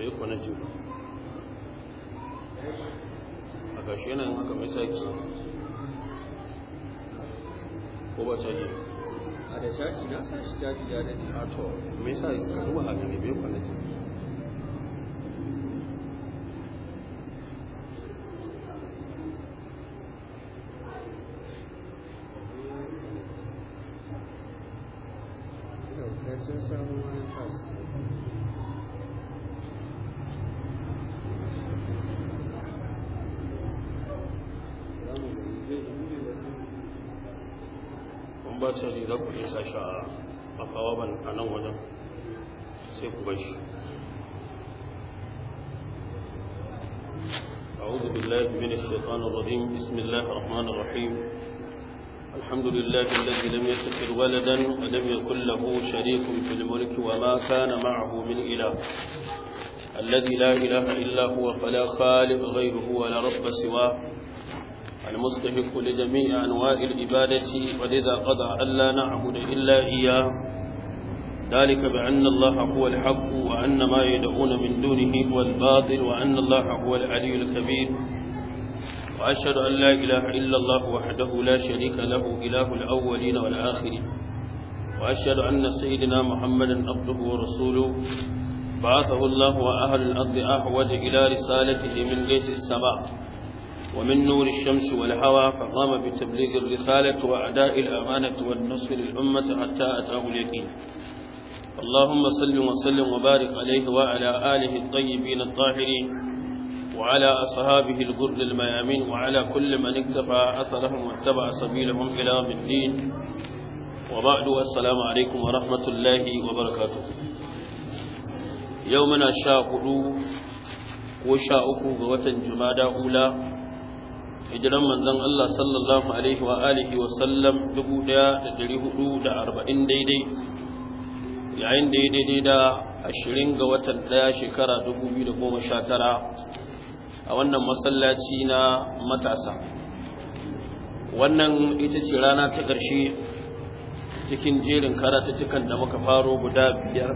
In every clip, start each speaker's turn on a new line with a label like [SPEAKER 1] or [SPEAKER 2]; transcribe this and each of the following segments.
[SPEAKER 1] bai yi a haka mai saki ko ba caji a da caji na sa shi caji ya daɗi a to mai sa ka duba a gani bai الله الرحمن الرحيم الحمد لله الذي لم يتخذ ولدا ولم يكن له شريك في الملك وما كان معه من إله الذي لا إله إلا هو فلا خالق غيره ولا رب سواه المستحق لجميع أنواع العبادة ولذا قضى ألا نعبد إلا إياه ذلك بأن الله هو الحق وأن ما يدعون من دونه هو الباطل وأن الله هو العلي الكبير وأشهد أن لا إله إلا الله وحده لا شريك له إله الأولين والآخرين وأشهد أن سيدنا محمدا عبده ورسوله بعثه الله وأهل الأرض أحوج إلى رسالته من جيش السماء ومن نور الشمس والهوى فقام بتبليغ الرسالة وأداء الأمانة والنصر للأمة حتى أتاه اليقين اللهم صل وسلم وبارك عليه وعلى آله الطيبين الطاهرين وعلى أصحابه الغر الميامين وعلى كل من اكتفى أثرهم واتبع سبيلهم إلى الدين وبعد السلام عليكم ورحمة الله وبركاته يومنا شاهد وشاءك غوة جمادى أولى hijiran manzon Allah sallallahu alaihi wa alihi wa sallam 1440 daidai yayin da daidai da 20 ga watan daya shekara 2019 a wannan masallaci na matasa wannan ita ce rana ta ƙarshe cikin jerin karatattukan da muka faro guda biyar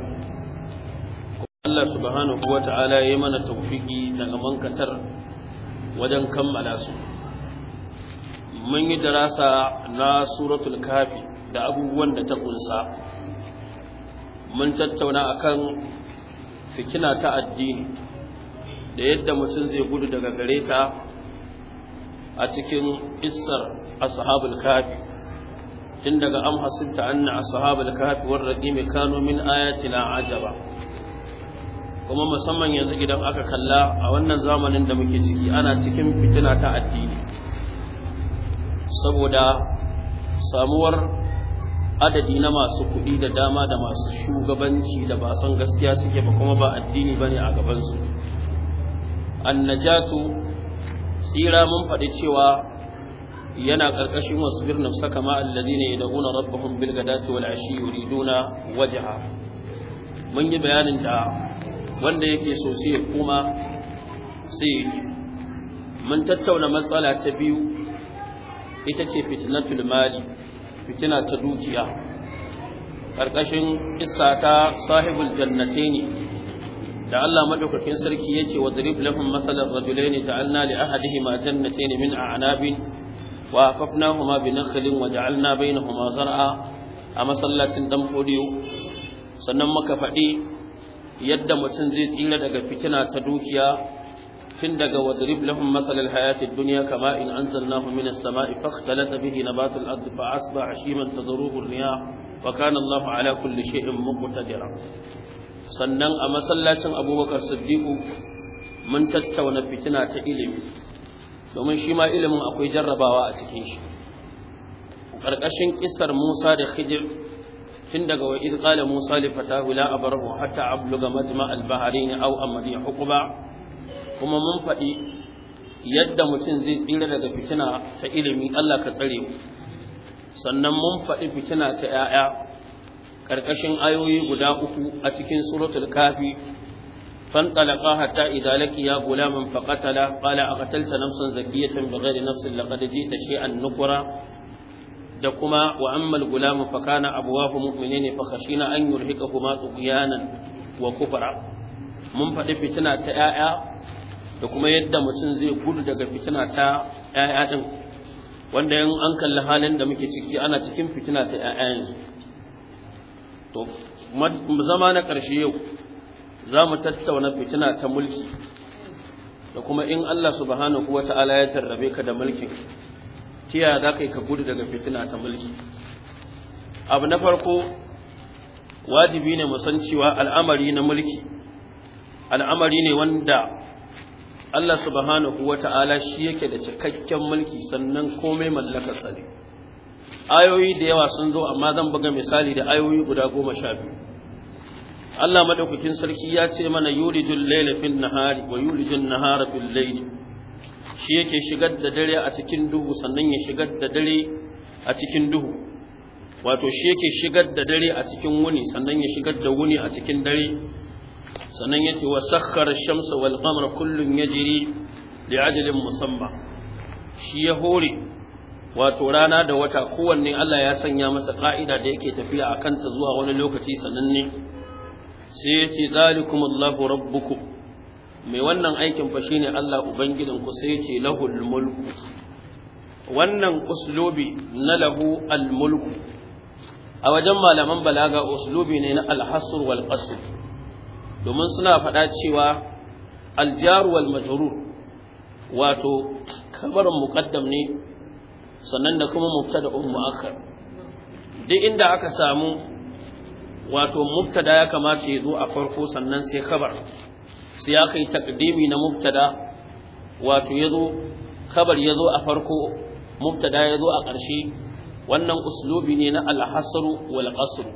[SPEAKER 1] Allah subhanahu wa ta'ala ya mana taufiki daga mankatar wajen kammala su mun yi darasa na suratul kafi da abubuwan da ta kunsa mun tattauna akan fikina ta addini da yadda mutum zai gudu daga gare ta a cikin kissar ashabul kafi tun daga am hasibta anna ashabul kafi war radimi kanu min na ajaba kuma musamman yanzu idan aka kalla a wannan zamanin da muke ciki ana cikin fitina ta addini saboda samuwar adadi na masu kuɗi da dama da masu shugabanci da ba san gaskiya suke ba kuma ba addini ba ne a gabansu annajatu tsira mun faɗi cewa yana ƙarƙashin wasu birnin saka ma'allazi ne da una rabbahun bilgadati wal ashi yuriduna wajaha mun yi bayanin da wanda yake so sai ya koma sai ya mun tattauna matsala ta biyu ita ce fitnatul mali fitina ta dukiya ƙarƙashin isa ta sahibul jannate ne da Allah madaukakin sarki yace wa darib lahum matalan rajulaini ta'alna li ahadihima jannatayn min a'nabin wa afafnahuma bi nakhlin wa ja'alna bainahuma zar'a a masallacin dan fodiyo sannan muka faɗi yadda mutum zai tsira daga fitina ta dukiya tun daga wadrib lahum matalal hayatid dunya kama in anzalnahu min as-sama'i fakhtalata bihi nabatul ardi fa asbaha hashiman tadruhu ar-riyah wa kana Allahu ala kulli shay'in muqtadira sannan a masallacin abubakar siddiqu mun tattauna fitina ta ilimi domin shi ma ilimin akwai jarrabawa a cikin shi ƙarƙashin ƙisar musa da khidir tun daga wa idh qala musa li fatahu la abrahu hatta abluga majma' al-bahrain aw amri huquba kuma mun faɗi yadda mutum zai tsira daga fitina ta ilimi Allah ka tsare mu sannan mun faɗi fitina ta 'ya'ya ƙarƙashin ayoyi guda uku a cikin suratul kafi fanɗalaƙa hatta idza laqiya gulaman fa qatala qala aqtalta nafsan zakiyatan bighairi nafsin laqad jita shay'an nukura da kuma wa ammal gulam fa kana abwahu mu'minin fa khashina an yurhiqahuma tughyanan wa kufra mun faɗi fitina ta ƴaƴa da kuma yadda mutum zai gudu daga fitina ta ƴaƴa wanda an kalli halin da muke ciki ana cikin fitina ta ƴaƴa yanzu to zama na ƙarshe yau za mu tattauna fitina ta mulki da kuma in Allah subhanahu wa ta'ala ya tarrabe ka da mulkin tiya za ka yi ka gudu daga fitina ta mulki abu na farko wajibi ne mu san cewa al'amari na mulki al'amari ne wanda Allah subhanahu wa ta'ala shi yake da cikakken mulki sannan komai mallakarsa ne ayoyi da yawa sun zo amma zan buga misali da ayoyi guda goma sha biyu Allah madaukakin sarki ya ce mana yulijul layla fil nahari wa yulijul nahara fil layli shi yake shigar da dare a cikin duhu sannan ya shigar da dare a cikin duhu wato shi yake shigar da dare a cikin wuni sannan ya shigar da wuni a cikin dare sannan yace wa sakhkhara shamsa wal qamara kullun yajri li ajalin musamma shi ya hore wato rana da wata kowanne Allah ya sanya masa ƙa'ida da yake tafiya a kanta zuwa wani lokaci sananne sai ya ce zalikum Allahu rabbukum mai wannan aikin fa shine Allah ku sai ya ce lahul mulk wannan uslubi na lahu al mulk a wajen malaman balaga uslubi ne na al hasr wal qasr domin suna faɗa cewa al jar wal majrur wato kabarin muqaddam ne sannan da kuma mubtada'un mu'akhkhar duk inda aka samu wato mubtada ya kamata ya zo a farko sannan sai khabar sai ya kai takdimi na mubtada wato ya zo khabar ya zo a farko mubtada ya zo a ƙarshe wannan uslubi ne na al-hasru wal qasru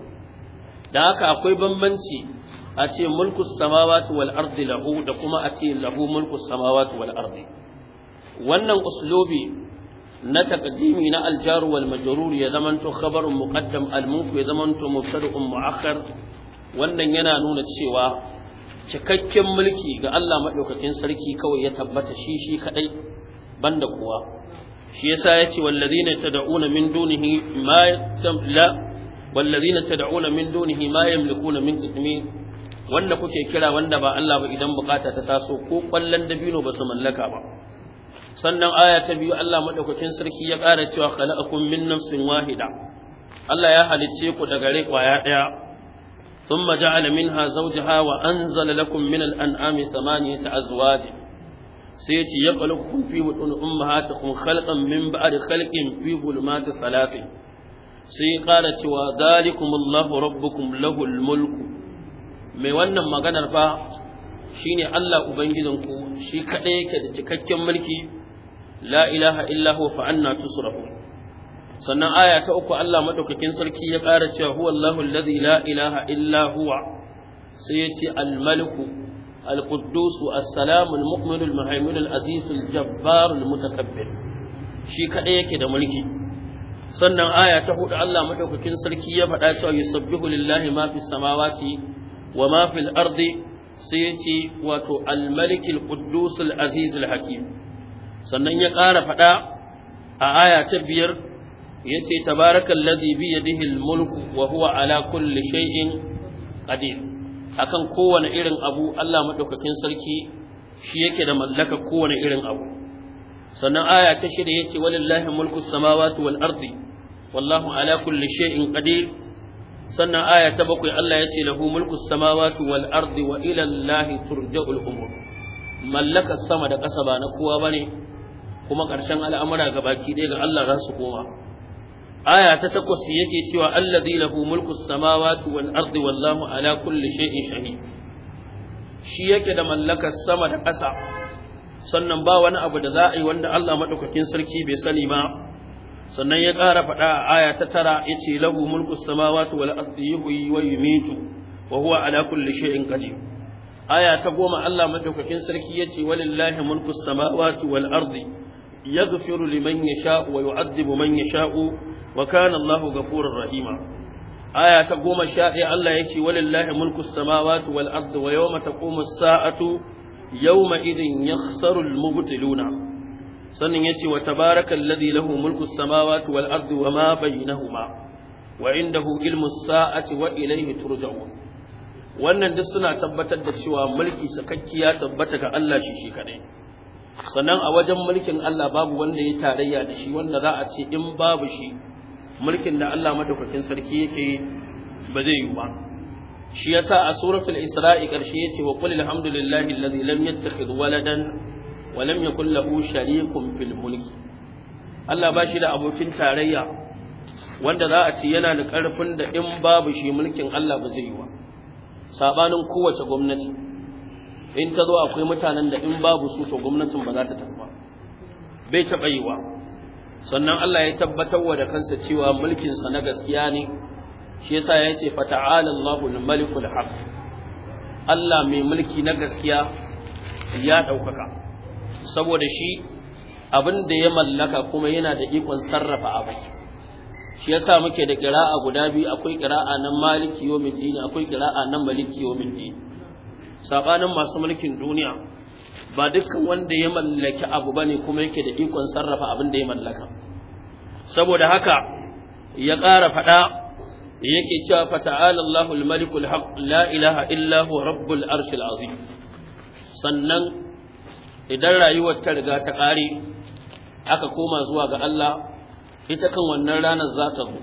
[SPEAKER 1] da haka akwai bambanci a ce mulku samawati wal ardi lahu da kuma a ce lahu mulku samawati wal ardi wannan uslubi na taqdimi na aljar wal majrur ya zamanto khabarun muqaddam al muf ya zamanto mubtada'un muakhar wannan yana nuna cewa cikakken mulki ga Allah madaukakin sarki kawai ya tabbata shi shi kadai banda kuwa, shi yasa yace wallazina tad'una min dunihi ma la wallazina tad'una min dunihi ma yamlikuna min qitmir wanda kuke kira wanda ba Allah ba idan bukata ta taso ko kwallon dabino ba su mallaka ba sannan aya ta biyu Allah madaukakin sarki ya ƙara cewa khalaqakum min nafsin wahida Allah ya halicce ku daga rai kwaya daya thumma ja'ala minha zawjaha wa anzala lakum min al-an'ami thamaniyata azwaj sai ya ce yaqalukum fi butun ummahatikum khalqan min ba'di khalqin fi zulumati salatin sai ya ƙara cewa zalikumullahu rabbukum lahul mulku mai wannan maganar fa shine Allah ubangijinku shi kaɗai yake da cikakken mulki la ilaha fa anna tusrafu sannan aya ta uku Allah madaukakin sarki ya ƙara cewa huwa Allahu alladhi la ilaha illa huwa sai yace al-maliku al-quddus as-salam al-mu'min al-muhaymin al-aziz al-jabbar al-mutakabbir shi kaɗai yake da mulki sannan aya ta hudu Allah madaukakin sarki ya faɗa cewa yusabbihu lillahi ma fis samawati wa ma fil ardi sai ya ce wato almalikil ƙuddusul azizul hakim sannan ya ƙara faɗa a aya ta biyar ya ce tabarakan ladhi bi dihil mulku wa huwa ala kulli shay'in qadir akan kowane irin abu Allah maɗaukakin sarki shi yake da mallaka kowane irin abu sannan aya ta shida yace walillahi mulku samawati wal ardi wallahu ala kulli shay'in qadir sannan aya ta bakwai Allah ya ce lahu mulku samawati wal ardi wa ila Allahi turja'ul umur mallaka sama da ƙasa ba na kowa bane kuma ƙarshen al'amura baki ɗaya ga Allah za su koma aya ta takwas yake cewa allazi lahu mulku samawati wal ardi wallahu ala kulli shay'in shahid shi yake da mallakar sama da ƙasa sannan ba wani abu da za a yi wanda Allah madaukakin sarki bai sani ba sannan ya ƙara faɗa a aya ta tara ya ce lahu mulku samawati wal ardi yuhyi wa yumitu wa huwa ala kulli shay'in qadir aya ta goma Allah madaukakin sarki ya ce walillahi mulku samawati wal ardi yaghfiru liman yasha'u wa yu'adhibu man yasha'u wa kana Allahu ghafurur rahima aya ta goma sha ɗaya Allah ya ce walillahi mulku samawati wal ardi wa yawma taqumu as-sa'atu yawma idin yakhsaru al-mubtiluna sannan ce wa tabarakan ladhi lahu mulku samawati wal ardi wa ma bainahuma wa indahu ilmu sa'ati wa ilayhi turja'un wannan duk suna tabbatar da cewa mulki sakakkiya tabbata ga Allah shi shi kadai sannan a wajen mulkin Allah babu wanda ya tarayya da shi wanda za a ce in babu shi mulkin da Allah madaukakin sarki yake ba zai yi ba shi yasa a suratul isra'i karshe yace wa qul alhamdulillahi alladhi lam yattakhidh waladan walam yakul lahu sharikun fil mulki Allah ba shi da abokin tarayya wanda za a ci yana da ƙarfin da in babu shi mulkin Allah ba zai yi wa sabanin kowace gwamnati in ta zo akwai mutanen da in babu su to gwamnatin ba za ta tafi bai taɓa yi wa sannan Allah ya tabbatar wa da kansa cewa mulkin sa na gaskiya ne shi yasa ya ce fata'ala Allahu al-malikul haq Allah mai mulki na gaskiya ya ɗaukaka saboda shi abin da ya mallaka kuma yana da ikon sarrafa abu shi yasa muke da qira'a guda biyu akwai qira'a nan maliki yawmin din akwai qira'a nan maliki yawmin din sabanin masu mulkin duniya ba dukkan wanda ya mallaki abu bane kuma yake da ikon sarrafa abin da ya mallaka saboda haka ya ƙara faɗa yake cewa fata'ala Allahu al-maliku haq la ilaha illa huwa rabbul arshil azim sannan idan rayuwar ta riga ta ƙare aka koma zuwa ga Allah ita kan wannan ranar za ta zo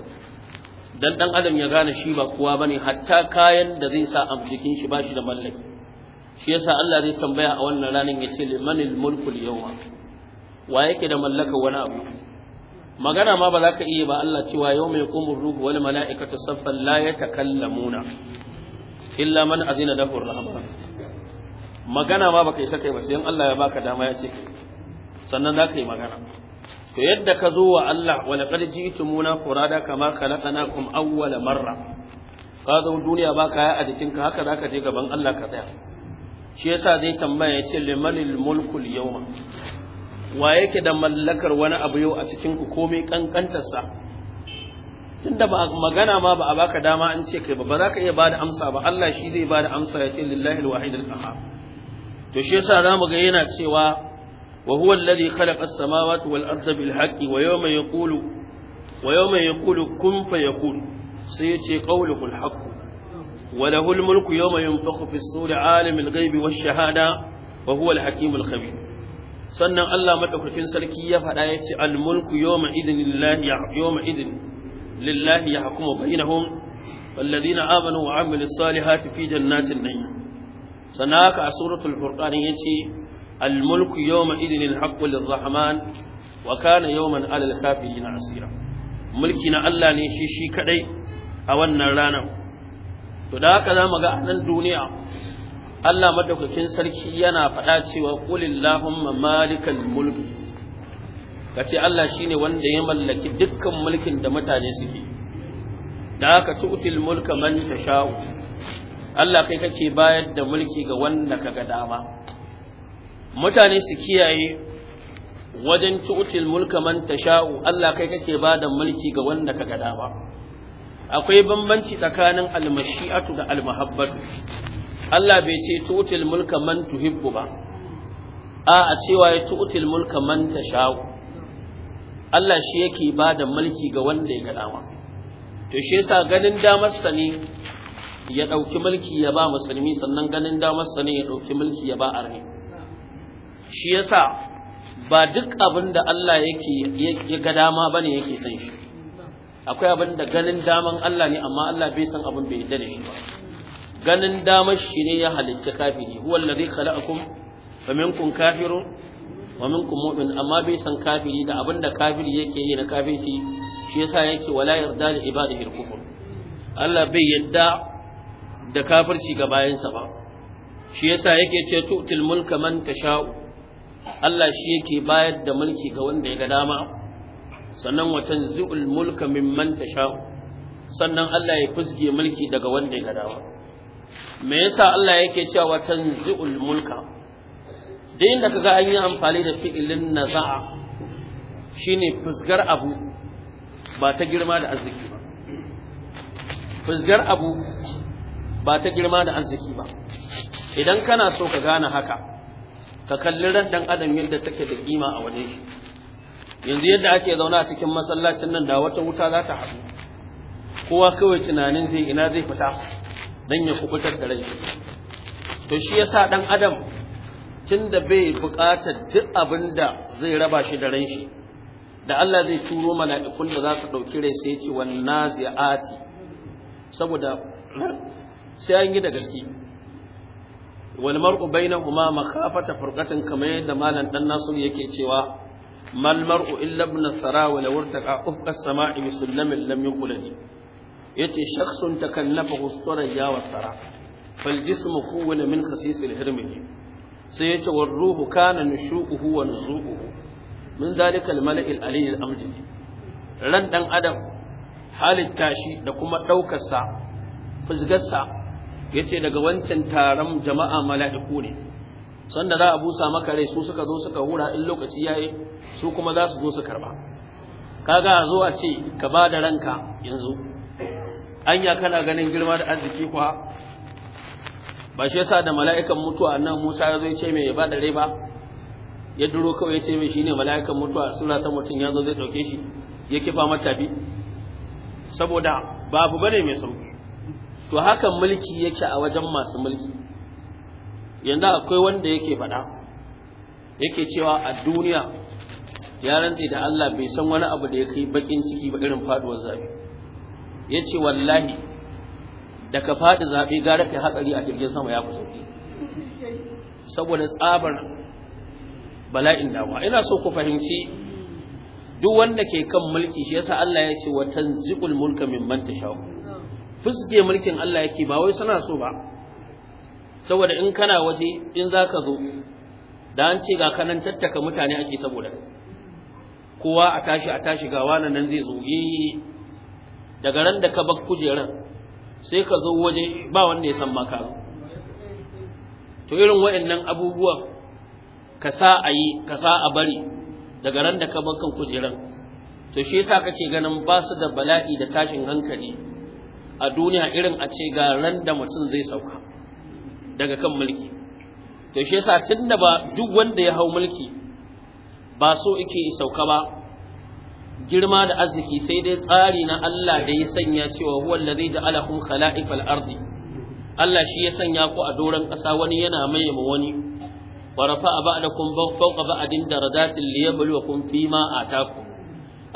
[SPEAKER 1] dan ɗan adam ya gane shi ba kowa bane hatta kayan da zai sa shi jikin shi bashi da mallaki shi yasa Allah zai tambaya a wannan ranar ce limanil mulku yawma wa yake da mallaka wani abu magana ma ba za ka iya ba Allah cewa yau mai kumur ruhu wani mala'ikata saffan la ya takallamuna illa man azina dafur rahman magana ma baka isa kai ba sai in Allah ya baka dama ya ce sannan za ka yi magana to yadda ka zo wa Allah wa laqad ji'tumuna furada kama khalaqnakum awwala marra ka zo duniya ba kaya a jikinka haka zaka je gaban Allah ka tsaya shi yasa zai tambaya ya ce limanil mulkul yawma wa yake da mallakar wani abu yau a cikin ku komai kankantarsa tunda ba magana ma ba a baka dama an ce kai ba ba za ka iya bada amsa ba Allah shi zai bada amsa ya ce lillahi alwahid alqahar to shi yasa zamu ga yana cewa wa huwa alladhi khalaqa as-samawati wal arda bil haqqi wa yawma yaqulu wa yawma yaqulu kun fayakun sai yace qawluhul haqq wa lahul mulku yawma yunfakhu fis suri alimul ghaibi wash shahada wa huwa al hakimul khabir sannan Allah madaukakin sarki ya faɗa yace al mulku yawma idin lillahi yawma idin lillahi yahkumu bainahum والذين آمنوا وعملوا الصالحات في جنات النعيم sannan haka a suratul furqan yace al mulku yawma idin al haqqu lir rahman wa kana yawman alal kafirin asira mulki na Allah ne shi shi kadai a wannan ranar to da haka zamu ga a nan duniya Allah madaukakin sarki yana faɗa cewa qulillahumma malikal mulki kace Allah shine wanda ya mallaki dukkan mulkin da mutane suke da haka tu'til mulka man tasha'u Allah kai kake bayar da mulki ga wanda kaga dama mutane su kiyaye wajen tu'til mulka man tasha'u Allah kai kake da mulki ga wanda kaga dama akwai bambanci tsakanin almashi'atu da almahabbatu Allah bai ce tu'til mulka man tuhibbu ba a a cewa ya tu'til mulka man tasha'u Allah shi yake da mulki ga wanda ya ga dama to shi yasa ganin sa ne ya ɗauki mulki ya ba musulmi sannan ganin damarsa ne ya ɗauki mulki ya ba arni shi yasa ba duk abin da Allah yake ya ga dama bane yake san shi akwai abin da ganin daman Allah ne amma Allah bai san abin bai yadda da shi ba ganin damar shi ne ya halitta kafiri huwa allazi khalaqakum fa minkum kafirun wa minkum mu'min amma bai san kafiri da abin da kafiri yake yi na kafirci shi yasa yake wala yarda li ibadihi al-kufr Allah bai yadda da kafirci ga bayansa ba shi yasa yake ce tu'til mulka man tasha'u Allah shi yake bayar da mulki ga wanda ya ga dama sannan wa tanzi'ul mulka mimman tasha'u sannan Allah ya fusge mulki daga wanda ya ga dama me yasa Allah yake cewa tanzi'ul mulka Da inda kaga an yi amfani da fi'ilin naza'a shine fusgar abu ba ta girma da arziki ba fusgar abu ba ta girma da arziki ba idan kana so ka gane haka ka kalli ran dan adam yadda take da kima a wajen shi yanzu yadda ake zauna a cikin masallacin nan da wata wuta za ta haɗu kowa kawai tunanin zai ina zai fita dan ya kubutar da rai to shi yasa dan adam tunda bai buƙatar duk abin da zai raba shi da ran da Allah zai turo mala'ikun da za su ɗauki rai sai ce wannan zi'ati saboda sai an yi da gaske wal mar'u bainahuma makhafata furqatin kamar yadda malam dan nasu yake cewa mal mar'u illa ibn sara wa law irtaqa ufqa as-sama'i musallamin lam yuqlani yace shakhsun takannafahu as-saraya wa sara fal jismu kuwana min khasis hirmi sai yace war ruhu kana nushuquhu wa nuzuquhu min dalika al-mala'i al-ali al-amjidi ran dan adam halitta shi da kuma daukar sa yace daga wancan taron jama'a mala'iku ne sanda za a busa maka rai su suka zo suka hura in lokaci yayi su kuma za su zo su karba kaga a zo a ce ka ba da ranka yanzu anya kana ganin girma da arziki kuwa ba shi yasa da mala'ikan mutuwa nan Musa ya zo ya ce mai ya ba da rai ba ya duro kawai ya ce mai shine mala'ikan mutuwa suna ta mutum ya zo zai dauke shi ya kifa mata bi saboda babu bane mai sauki to hakan mulki yake a wajen masu mulki yanzu akwai wanda yake faɗa yake cewa a duniya ya rantse da Allah bai san wani abu da ya kai bakin ciki ba irin faduwar zabe ya ce wallahi da ka faɗi zabe gara kai haƙari a jirgin sama ya fi sauƙi saboda tsabar bala'in damuwa ina so ku fahimci duk wanda ke kan mulki shi yasa Allah ya ce wa tanzi'ul mulka mimman tashau fuske mulkin Allah yake ba wai suna so ba saboda in kana waje in zaka zo da an ce ga kanan tattaka mutane ake saboda kowa a tashi a tashi ga wannan nan zai zo eh. daga ran da ka bar kujeran sai ka zo waje ba wanda ya san maka zo to irin waɗannan abubuwa ka sa a yi ka sa a bari daga ran da ka bar kan kujeran to shi yasa kake ganin ba su da bala'i da tashin hankali a duniya irin a ce ga ran da mutum zai sauka daga kan mulki to shi yasa tunda ba duk wanda ya hau mulki ba so yake sauka ba girma da arziki sai dai tsari na Allah da ya sanya cewa huwa allazi ja'alakum khala'ifal ardi Allah shi ya sanya ku a doron ƙasa wani yana ma wani wa rafa'a ba'dakum fawqa ba'din darajatin liyabluwakum fima ataku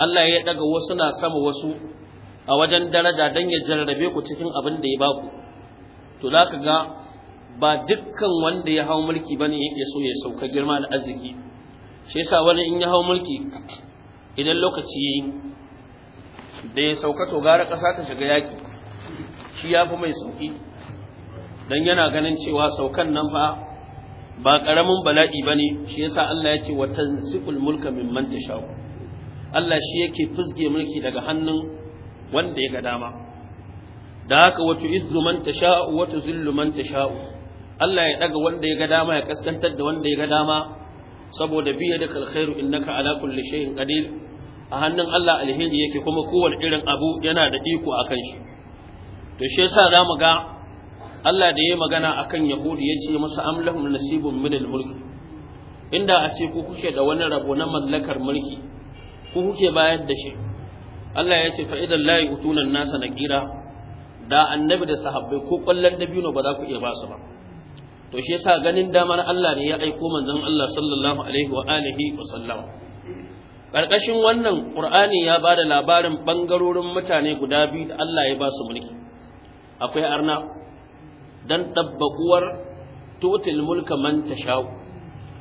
[SPEAKER 1] Allah ya daga wasu na sama wasu a wajen daraja don ya jarrabe ku cikin abin da ya baku to za ka ga ba dukkan wanda ya hau mulki ba ya yake so ya sauka girma da arziki shi yasa wani in ya hau mulki idan lokaci yi da ya sauka to gara ƙasa ta shiga yaƙi shi ya fi mai sauƙi don yana ganin cewa saukan nan fa ba ƙaramin bala'i ba ne shi yasa Allah ya ce wa tanzikul mulka mimman tashau Allah shi yake fizge mulki daga hannun wanda ya ga dama da haka watu izzu man tasha'u wa tuzillu man tasha'u Allah ya daga wanda ya ga dama ya kaskantar da wanda ya ga dama saboda biya da kalkhairu innaka ala kulli shay'in qadir a hannun Allah alheri yake kuma kowane irin abu yana da iko akan shi to shi yasa zamu ga Allah da ya magana akan Yahudi ya ce masa amlahum nasibun min mulki inda a ce ku kuke da wani rabo na mallakar mulki ku kuke bayar da shi Allah ya ce fa'idan layi utunan nasa na kira, da annabi da sahabbai ko ƙwallon dabino ba za ku iya ba su ba to shi yasa ganin damar Allah ne ya aiko manzon Allah sallallahu alaihi wa alihi wa sallam Ƙarƙashin wannan ƙur'ani ya ba da labarin ɓangarorin mutane guda biyu da Allah ya ba su mulki akwai arna don ɗabbaƙuwar totil mulka man tashau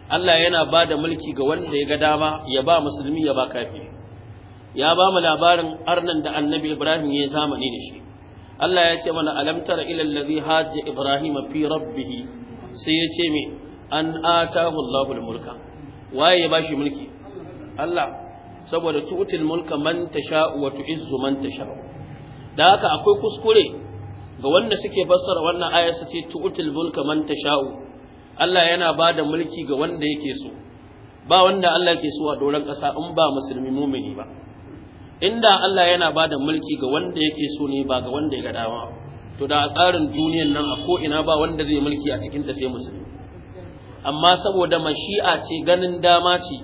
[SPEAKER 1] Allah yana ba da mulki ga wanda ya ga dama ya ba musulmi ya ba kafiri ya ba mu labarin arnan da annabi Ibrahim ya zamani da shi Allah ya ce mana alamtar tara ila allazi hajja Ibrahim fi rabbih sai ya ce me an atahu Allahu al-mulka waye ya bashi mulki Allah saboda tu'til mulka man tasha wa tu'izzu man tasha da haka akwai kuskure ga wanda suke fassara wannan aya su ce tu'til mulka man tasha Allah yana bada mulki ga wanda yake so ba wanda Allah ke so a doron ƙasa in ba musulmi mumini ba inda Allah yana ba da mulki ga wanda yake so ne ba ga wanda ya ga dama to da a tsarin duniyan nan a ko ina ba wanda zai mulki a cikin ta sai musulmi amma saboda mashi'a ce ganin dama ce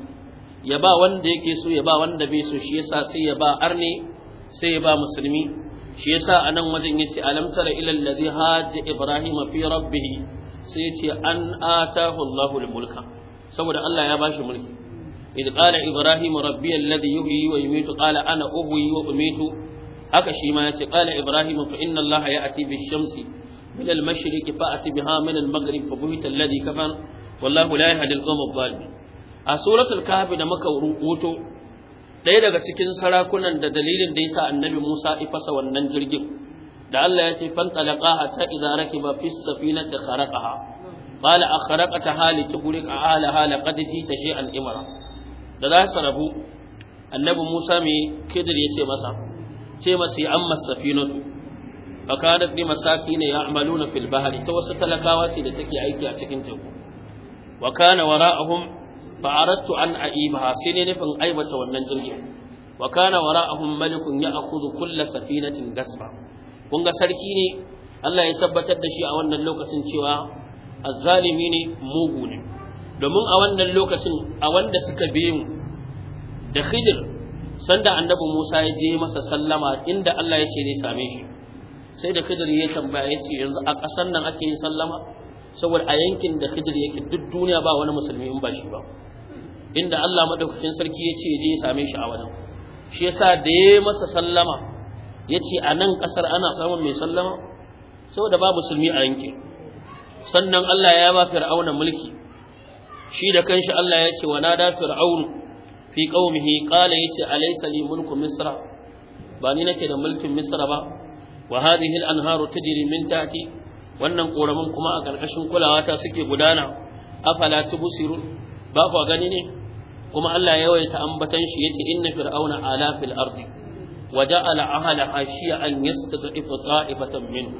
[SPEAKER 1] ya ba wanda yake so ya ba wanda bai so shi yasa sai ya ba arne sai ya ba musulmi shi yasa anan wajen yace alam tara ila allazi hajja Ibrahim fi rabbih sai yace an atahu allahul mulka saboda Allah ya ba shi mulki إذ قال إبراهيم ربي الذي يحيي ويميت قال أنا أحيي وأميت haka shi ma yace qala ibrahim fa inna allaha ya'ti bish-shamsi min al-mashriqi fa'ati biha min al-maghrib fa buhita alladhi kafar wallahu la yahdi al-qawm adh-dhalimin a suratul kahf da muka rubuto ɗaya daga cikin sarakunan da dalilin da yasa annabi Musa ya fasa wannan jirgin da Allah yace fan talaqaha ta idza rakiba fi ta hali qala akhraqataha li tughriqa ahliha laqad fi tashi'an imra da za su rabu annabi Musa mai kidir ya ce masa ce masa ya amma safinatu fakadat ne ya ya'maluna fil bahri ta wasu talakawa ce da take aiki a cikin teku wa kana wara'ahum fa an aibaha sai ne nufin aibata wannan jirgin wa kana wara'ahum malikun ya'khudhu kull safinatin gasfa kun ga sarki ne Allah ya tabbatar da shi a wannan lokacin cewa azzalimi ne mugu ne domin a wannan lokacin a wanda suka bi mu da khidir sanda annabi Musa ya je masa sallama inda Allah ya ce zai same shi sai da khidir ya tambaya ya ce yanzu a ƙasar nan ake yin sallama saboda a yankin da khidir yake duk duniya ba wani musulmi in ba shi ba inda Allah madaukakin sarki ya ce ya same shi a wajen shi yasa da ya masa sallama ya ce a nan ƙasar ana samun mai sallama saboda ba musulmi a yankin sannan Allah ya ba fir'auna mulki shi da kanshi Allah ya ce wa nada fir'aun fi qaumihi qala yace alaysa li mulku misra ba ni nake da mulkin misra ba wa hadhihi al-anharu tajri min tahti wannan koramin kuma a karkashin kulawa ta suke gudana afala busiru, ba ku gani ne kuma Allah ya yawaita ambatan shi yace inna fir'auna ala fil ardi wa ja'ala ahlaha shi'an yastadifu qa'ibatan minhu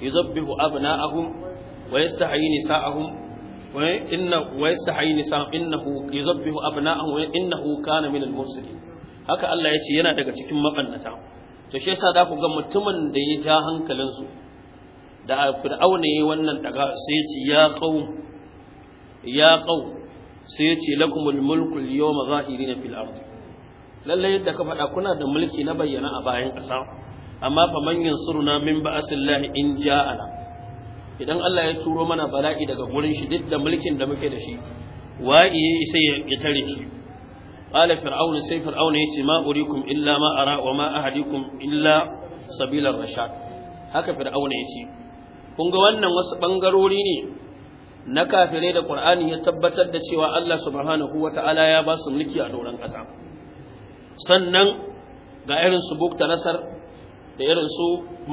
[SPEAKER 1] yuzabbihu abna'ahum wa yastahyi nisa'ahum inna wa yastahi nisa innahu yuzabbihu abna'ahu wa innahu haka Allah ya ce yana daga cikin mabannata to shi yasa za ku ga mutumin da ya ja hankalin su da fir'auna yayi wannan daga sai ya ce ya qaum ya qaum sai ya ce lakumul mulku al-yawma zahirina fil ard lalle yadda ka faɗa kuna da mulki na bayyana a bayan ƙasa amma fa man yansuruna min ba'asillahi in ja'ana idan Allah ya turo mana bala'i daga gurin shi duk da mulkin da muke da shi wa'iye sai ya tare shi qala fir'aun sai fir'aun ya ce ma urikum illa ma ara wa ma ahadikum illa sabilar rashad haka fir'aun ya ce kun ga wannan wasu bangarori ne na kafirai da Qur'ani ya tabbatar da cewa Allah subhanahu wata'ala ya ba su mulki a doron ƙasa sannan ga irin su bukta nasar da irin su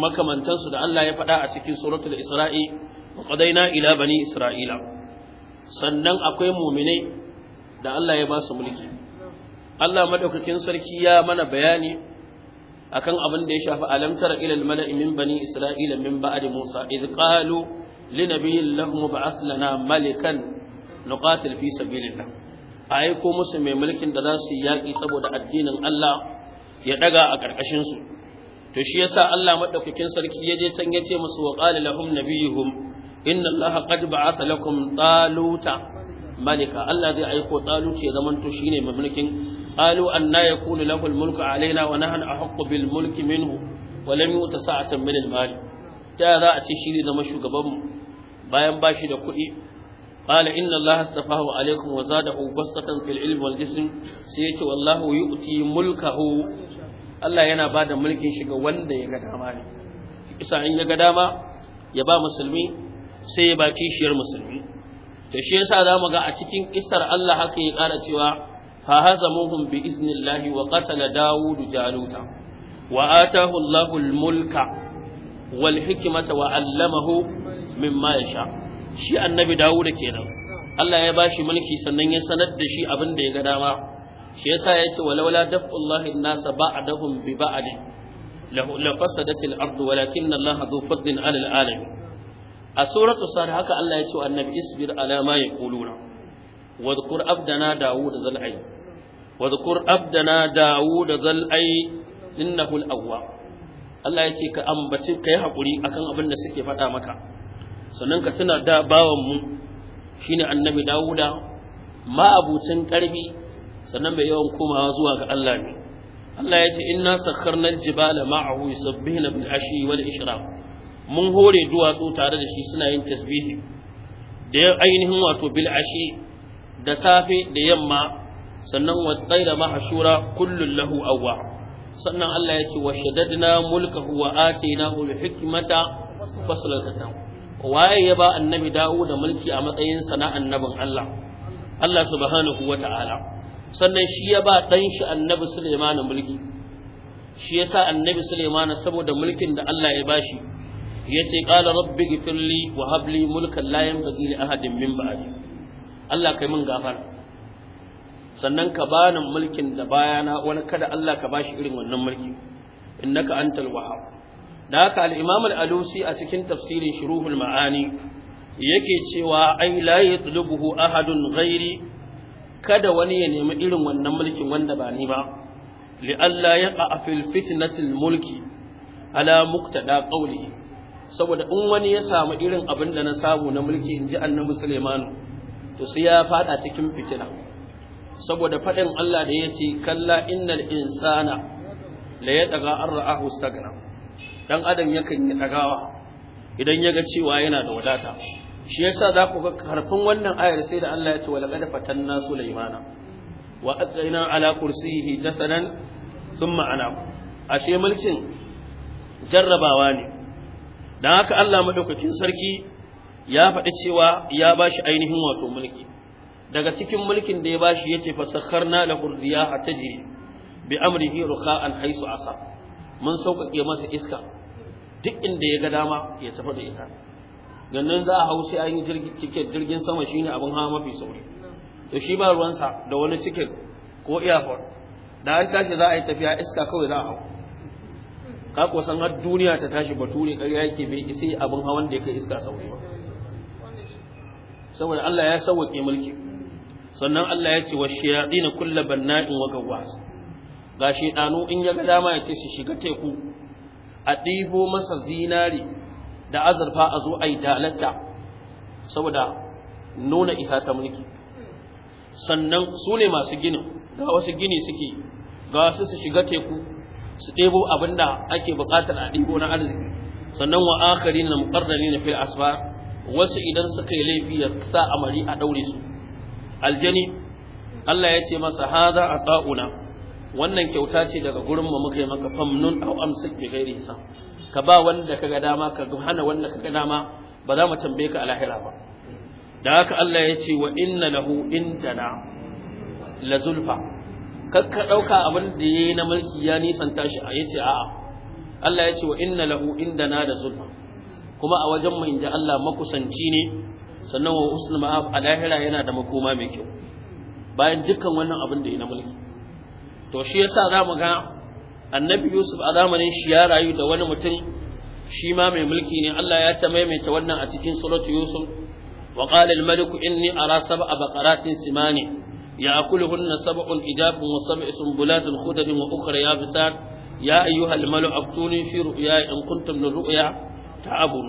[SPEAKER 1] makamantansu da Allah ya faɗa a cikin suratul Isra'i wa qadaina ila bani Isra'ila sannan akwai mu'minai da Allah ya ba su mulki Allah madaukakin sarki ya mana bayani akan abin da ya shafi alamtar ila al-mala'i min bani Isra'ila min ba'd Musa id qalu linabiyyin lahum ba'ath lana malikan nuqatil fi sabilillah aiko musu mai mulkin da za su yaki saboda addinin Allah ya daga a ƙarƙashin su to shi yasa Allah madaukakin sarki ya je can yace musu wa qala lahum nabiyuhum inna Allah qad ba'atha lakum taluta malika Allah zai aiko talut ya zaman to shine mulkin qalu anna yakunu lahu mulku alaina wa nahnu ahqqu bil mulki minhu wa lam yu'ta sa'atan min al ta za a ce shi ne zama shugaban bayan bashi da kuɗi قال إن الله استفاه عليكم وزاده بسطة في العلم والجسم سيأتي والله يؤتي ملكه Allah yana ba da mulkin shiga wanda ya ga dama ne isa in ya ga dama ya ba musulmi sai ya ba kishiyar musulmi Ta shi yasa za mu ga a cikin kistar Allah haka ya ƙara cewa fa muhun bi iznillahi wa qatala dawudu jaluta wa atahu Allahu mulka wal hikimata wa 'allamahu min ma'aisha. shi annabi dawuda kenan Allah ya bashi mulki sannan ya sanar da shi abin da ya ga dama shi yasa yace walaula daf'ullahi an-nasa ba'dahum bi ba'd la fasadatil ardu walakin Allah dhu fadlin 'alal 'alamin a suratu sad haka Allah yace annabi isbir ala ma yaquluna wadhkur abdana daud zal'ai, ayy wadhkur abdana daud zal ayy innahu al-awwab Allah yace ka ambaci kai hakuri akan abin da suke faɗa maka sannan ka tuna da bawan mu shine annabi dauda ma abucin karbi sannan mai yawan komawa zuwa ga Allah ne Allah ya ce inna sakharna al-jibala ma'ahu yusabbihuna bil ashi wal ishraq mun hore duwatsu tare da shi suna yin tasbihi da ainihin wato bil ashi da safe da yamma sannan wa tsaira mahshura kullun lahu awwa sannan Allah ya ce wa shaddadna mulkahu wa atina ul hikmata faslal waye ya ba annabi dawo da mulki a matsayin sana'an annabin Allah Allah subhanahu wata'ala sannan shi ya ba ɗan shi annabi Suleiman mulki shi yasa annabi Suleiman saboda mulkin da Allah ya bashi yace qala rabbi ghfirli wa hab li mulkan la yanbaghi li ahadin min ba'di Allah kai min gafara sannan ka bani mulkin da bayana wani kada Allah ka bashi irin wannan mulki innaka antal wahhab da haka al-imam al-alusi a cikin tafsirin shuruhul ma'ani yake cewa ai la yatlubuhu ahadun ghairi kada wani ya nemi irin wannan mulkin wanda ba ni ba li'alla yaqa fil fitnatil mulki ala muqtada qawli saboda in wani ya samu irin abin da na samu na mulki in ji annabi Sulaiman to sai ya fada cikin fitina saboda fadin Allah da yace kalla innal insana la yadaga arra'ahu stagna dan adam yakan yi dagawa idan ya ga cewa yana da wadata shi yasa za ku ga karfin wannan ayar sai da Allah ya ce walaqad fatanna sulaimana wa atayna ala kursiyihi tasanan thumma ana ashe mulkin jarrabawa ne dan haka Allah madaukakin sarki ya faɗi cewa ya bashi ainihin wato mulki daga cikin mulkin da ya bashi yace fasakharna lahu riyaha tajri bi amrihi rukha'an haisu asa mun sauƙaƙe masa iska duk inda ya ga dama ya tafi da ita nan za a hau sai an yi tiket jirgin sama shine abin hawa mafi sauri to shi ba ruwansa da wani tiket ko airport da an tashi za a yi tafiya iska kawai za a hau ka kusan har duniya ta tashi bature ƙarya yake bai isi abin hawan da ya kai iska sauri ba saboda Allah ya sauke mulki sannan Allah ya ce wa shayadin kullu banna'in wa gawwas ga shedanu in ya ga dama ya ce su shiga teku a ɗibo masa zinari da azurfa a zo a yi dalanta saboda nuna isa ta mulki sannan su ne masu ginin ga wasu gini suke ga wasu su shiga teku su ɗebo abin da ake buƙatar a ɗebo na arziki sannan wa akari na muƙarrari na fil asfar wasu idan suka yi laifi ya sa amari a ɗaure su aljani Allah ya ce masa haza a ta'una wannan kyauta ce daga gurin mu muka yi maka famnun au amsik bi ghairi sa ka ba wanda kaga dama ka hana wanda kaga dama ba za mu tambaye ka alahira ba da haka Allah ya ce wa inna lahu indana la zulfa kakka dauka abin da yayi na mulki ya nisan tashi a yace a'a Allah ya ce wa inna lahu indana la zulfa kuma a wajen mu inda Allah makusanci ne sannan wa husnul ma'ab alahira yana da makoma mai kyau bayan dukkan wannan abin da yayi na mulki to shi yasa zamu ga annabi yusuf a zamanin shi ya rayu da wani mutum shi ma mai mulki ne Allah ya ta maimaita wannan a cikin suratu yusuf wa qala al malik inni ara sab'a baqaratin simani ya'kuluhunna sab'un ijabun wa sab'u sunbulatun khudabin wa ukhra yabisat ya ayyuha al malu aftuni fi ru'ya in kuntum lil ru'ya ta'abun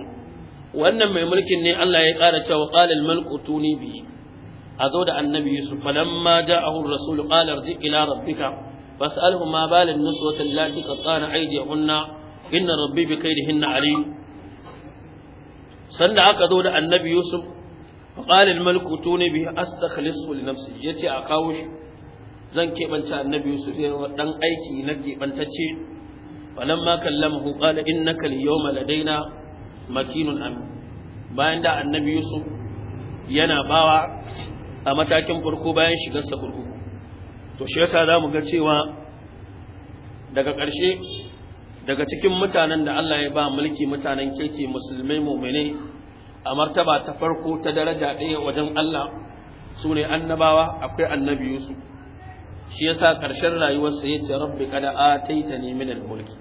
[SPEAKER 1] wannan mai mulkin ne Allah ya ƙara cewa qala al malik tuni bi a zo da annabi yusuf falamma ja'ahu ar rasul qala irji ila rabbika فاسألهم ما بال النسوة اللاتي قطعن أيديهن إن ربي بكيدهن عليم سند عقدوا النبي يوسف فقال الملك توني به أستخلصه لنفسي يتي أقاوش zan keɓanta annabi Yusuf ya dan aiki na keɓantacce falamma kallamahu qala innaka al-yawma ladaina makinun amin bayan da annabi Yusuf yana bawa a matakin farko bayan shigar sa kurku to shi yasa za mu ga cewa daga ƙarshe daga cikin mutanen da Allah ya ba mulki mutanen kirki musulmai mumine a martaba ta farko ta daraja ɗaya wajen Allah su ne annabawa akwai annabi Yusuf shi yasa ƙarshen rayuwarsa ya ce rabbi kada a ataitani min al-mulki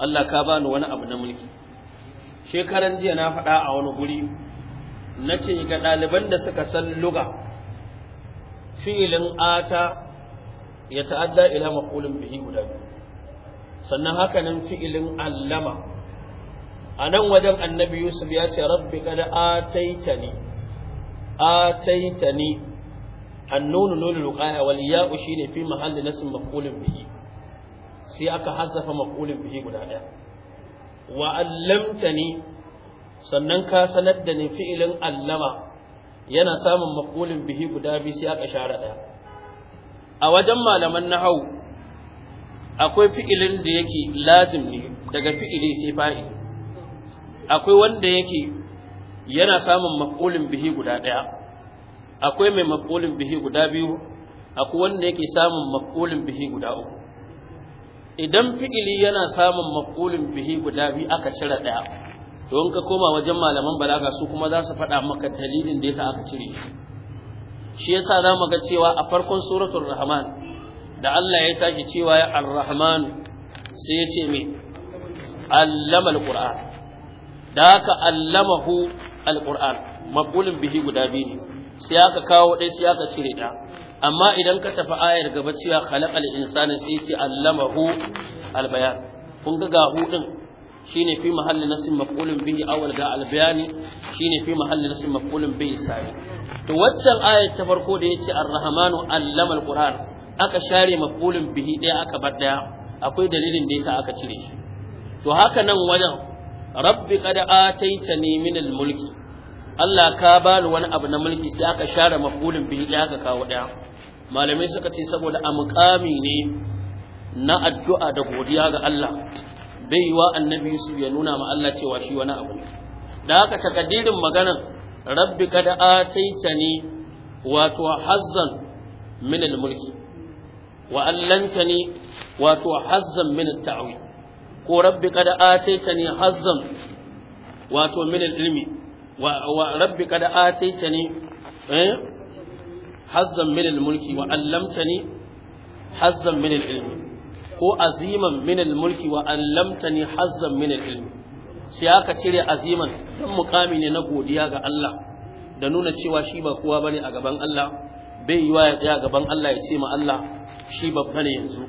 [SPEAKER 1] Allah ka bani wani abu na mulki shekaran jiya na faɗa a wani guri nace ga ɗaliban da suka san luga fi'ilin ata ya ta'adda ila maf'ulin bihi guda biyu sannan haka nan fi'ilin allama a nan wajen annabi yusuf ya ce rabbi kada ataitani ataitani annunu nunul luqaya wal ya'u shine fi mahalli nasb maf'ulin bihi sai aka hazafa maf'ulin bihi guda daya wa allamtani sannan ka sanar da ni fi'ilin allama yana samun maf'ulin bihi guda biyu sai aka share ɗaya a wajen malaman nahau akwai fi'ilin da yake lazim ne daga fi'ili sai fa'il akwai wanda yake yana samun maf'ulin bihi guda ɗaya akwai mai maf'ulin bihi guda biyu akwai wanda yake samun maf'ulin bihi guda uku idan fi'ili yana samun maf'ulin bihi guda biyu aka cire ɗaya don ka koma wajen malaman balaga su kuma za su faɗa maka dalilin da yasa aka cire shi shi yasa za mu ga cewa a farkon suratul rahman da Allah ya tashi cewa ya ar-rahman sai ya ce me allama al-qur'an da aka allamahu al-qur'an maqulun bihi guda biyu ne sai aka kawo dai sai aka cire da amma idan ka tafi ayar gaba cewa khalaqal insana sai ya ce allamahu al-bayan kun ga ga hudin shine fi mahalli nasin maf'ulun bihi awal da albiyani shine fi mahalli nasin maf'ulun bihi sai to waccan ayat ta farko da yace ar-rahmanu allama al-qur'an aka share maf'ulun bihi daya aka bar daya akwai dalilin da yasa aka cire shi to haka nan wajen rabbi qad ataitani min al-mulki Allah ka bani wani abu na mulki sai aka share maf'ulun bihi daya aka kawo daya malamai suka ce saboda amqami ne na addu'a da godiya ga Allah bai yiwa annabi Yusuf ya nuna ma Allah cewa shi wani abu ne da haka takaddirin magana, rabbi kad ataitani wato hazzan min al-mulki wa allantani wato hazzan min at ko rabbi kad ataitani hazzan wato min al-ilmi wa rabbi kad ataitani eh hazzan min al-mulki wa allamtani hazzan min al-ilmi ko aziman min mulki wa allamtani hazzan min ilmi sai aka cire aziman dan mukami ne na godiya ga Allah da nuna cewa shi ba kowa bane a gaban Allah bai yi ya tsaya gaban Allah ya ce ma Allah shi babba ne yanzu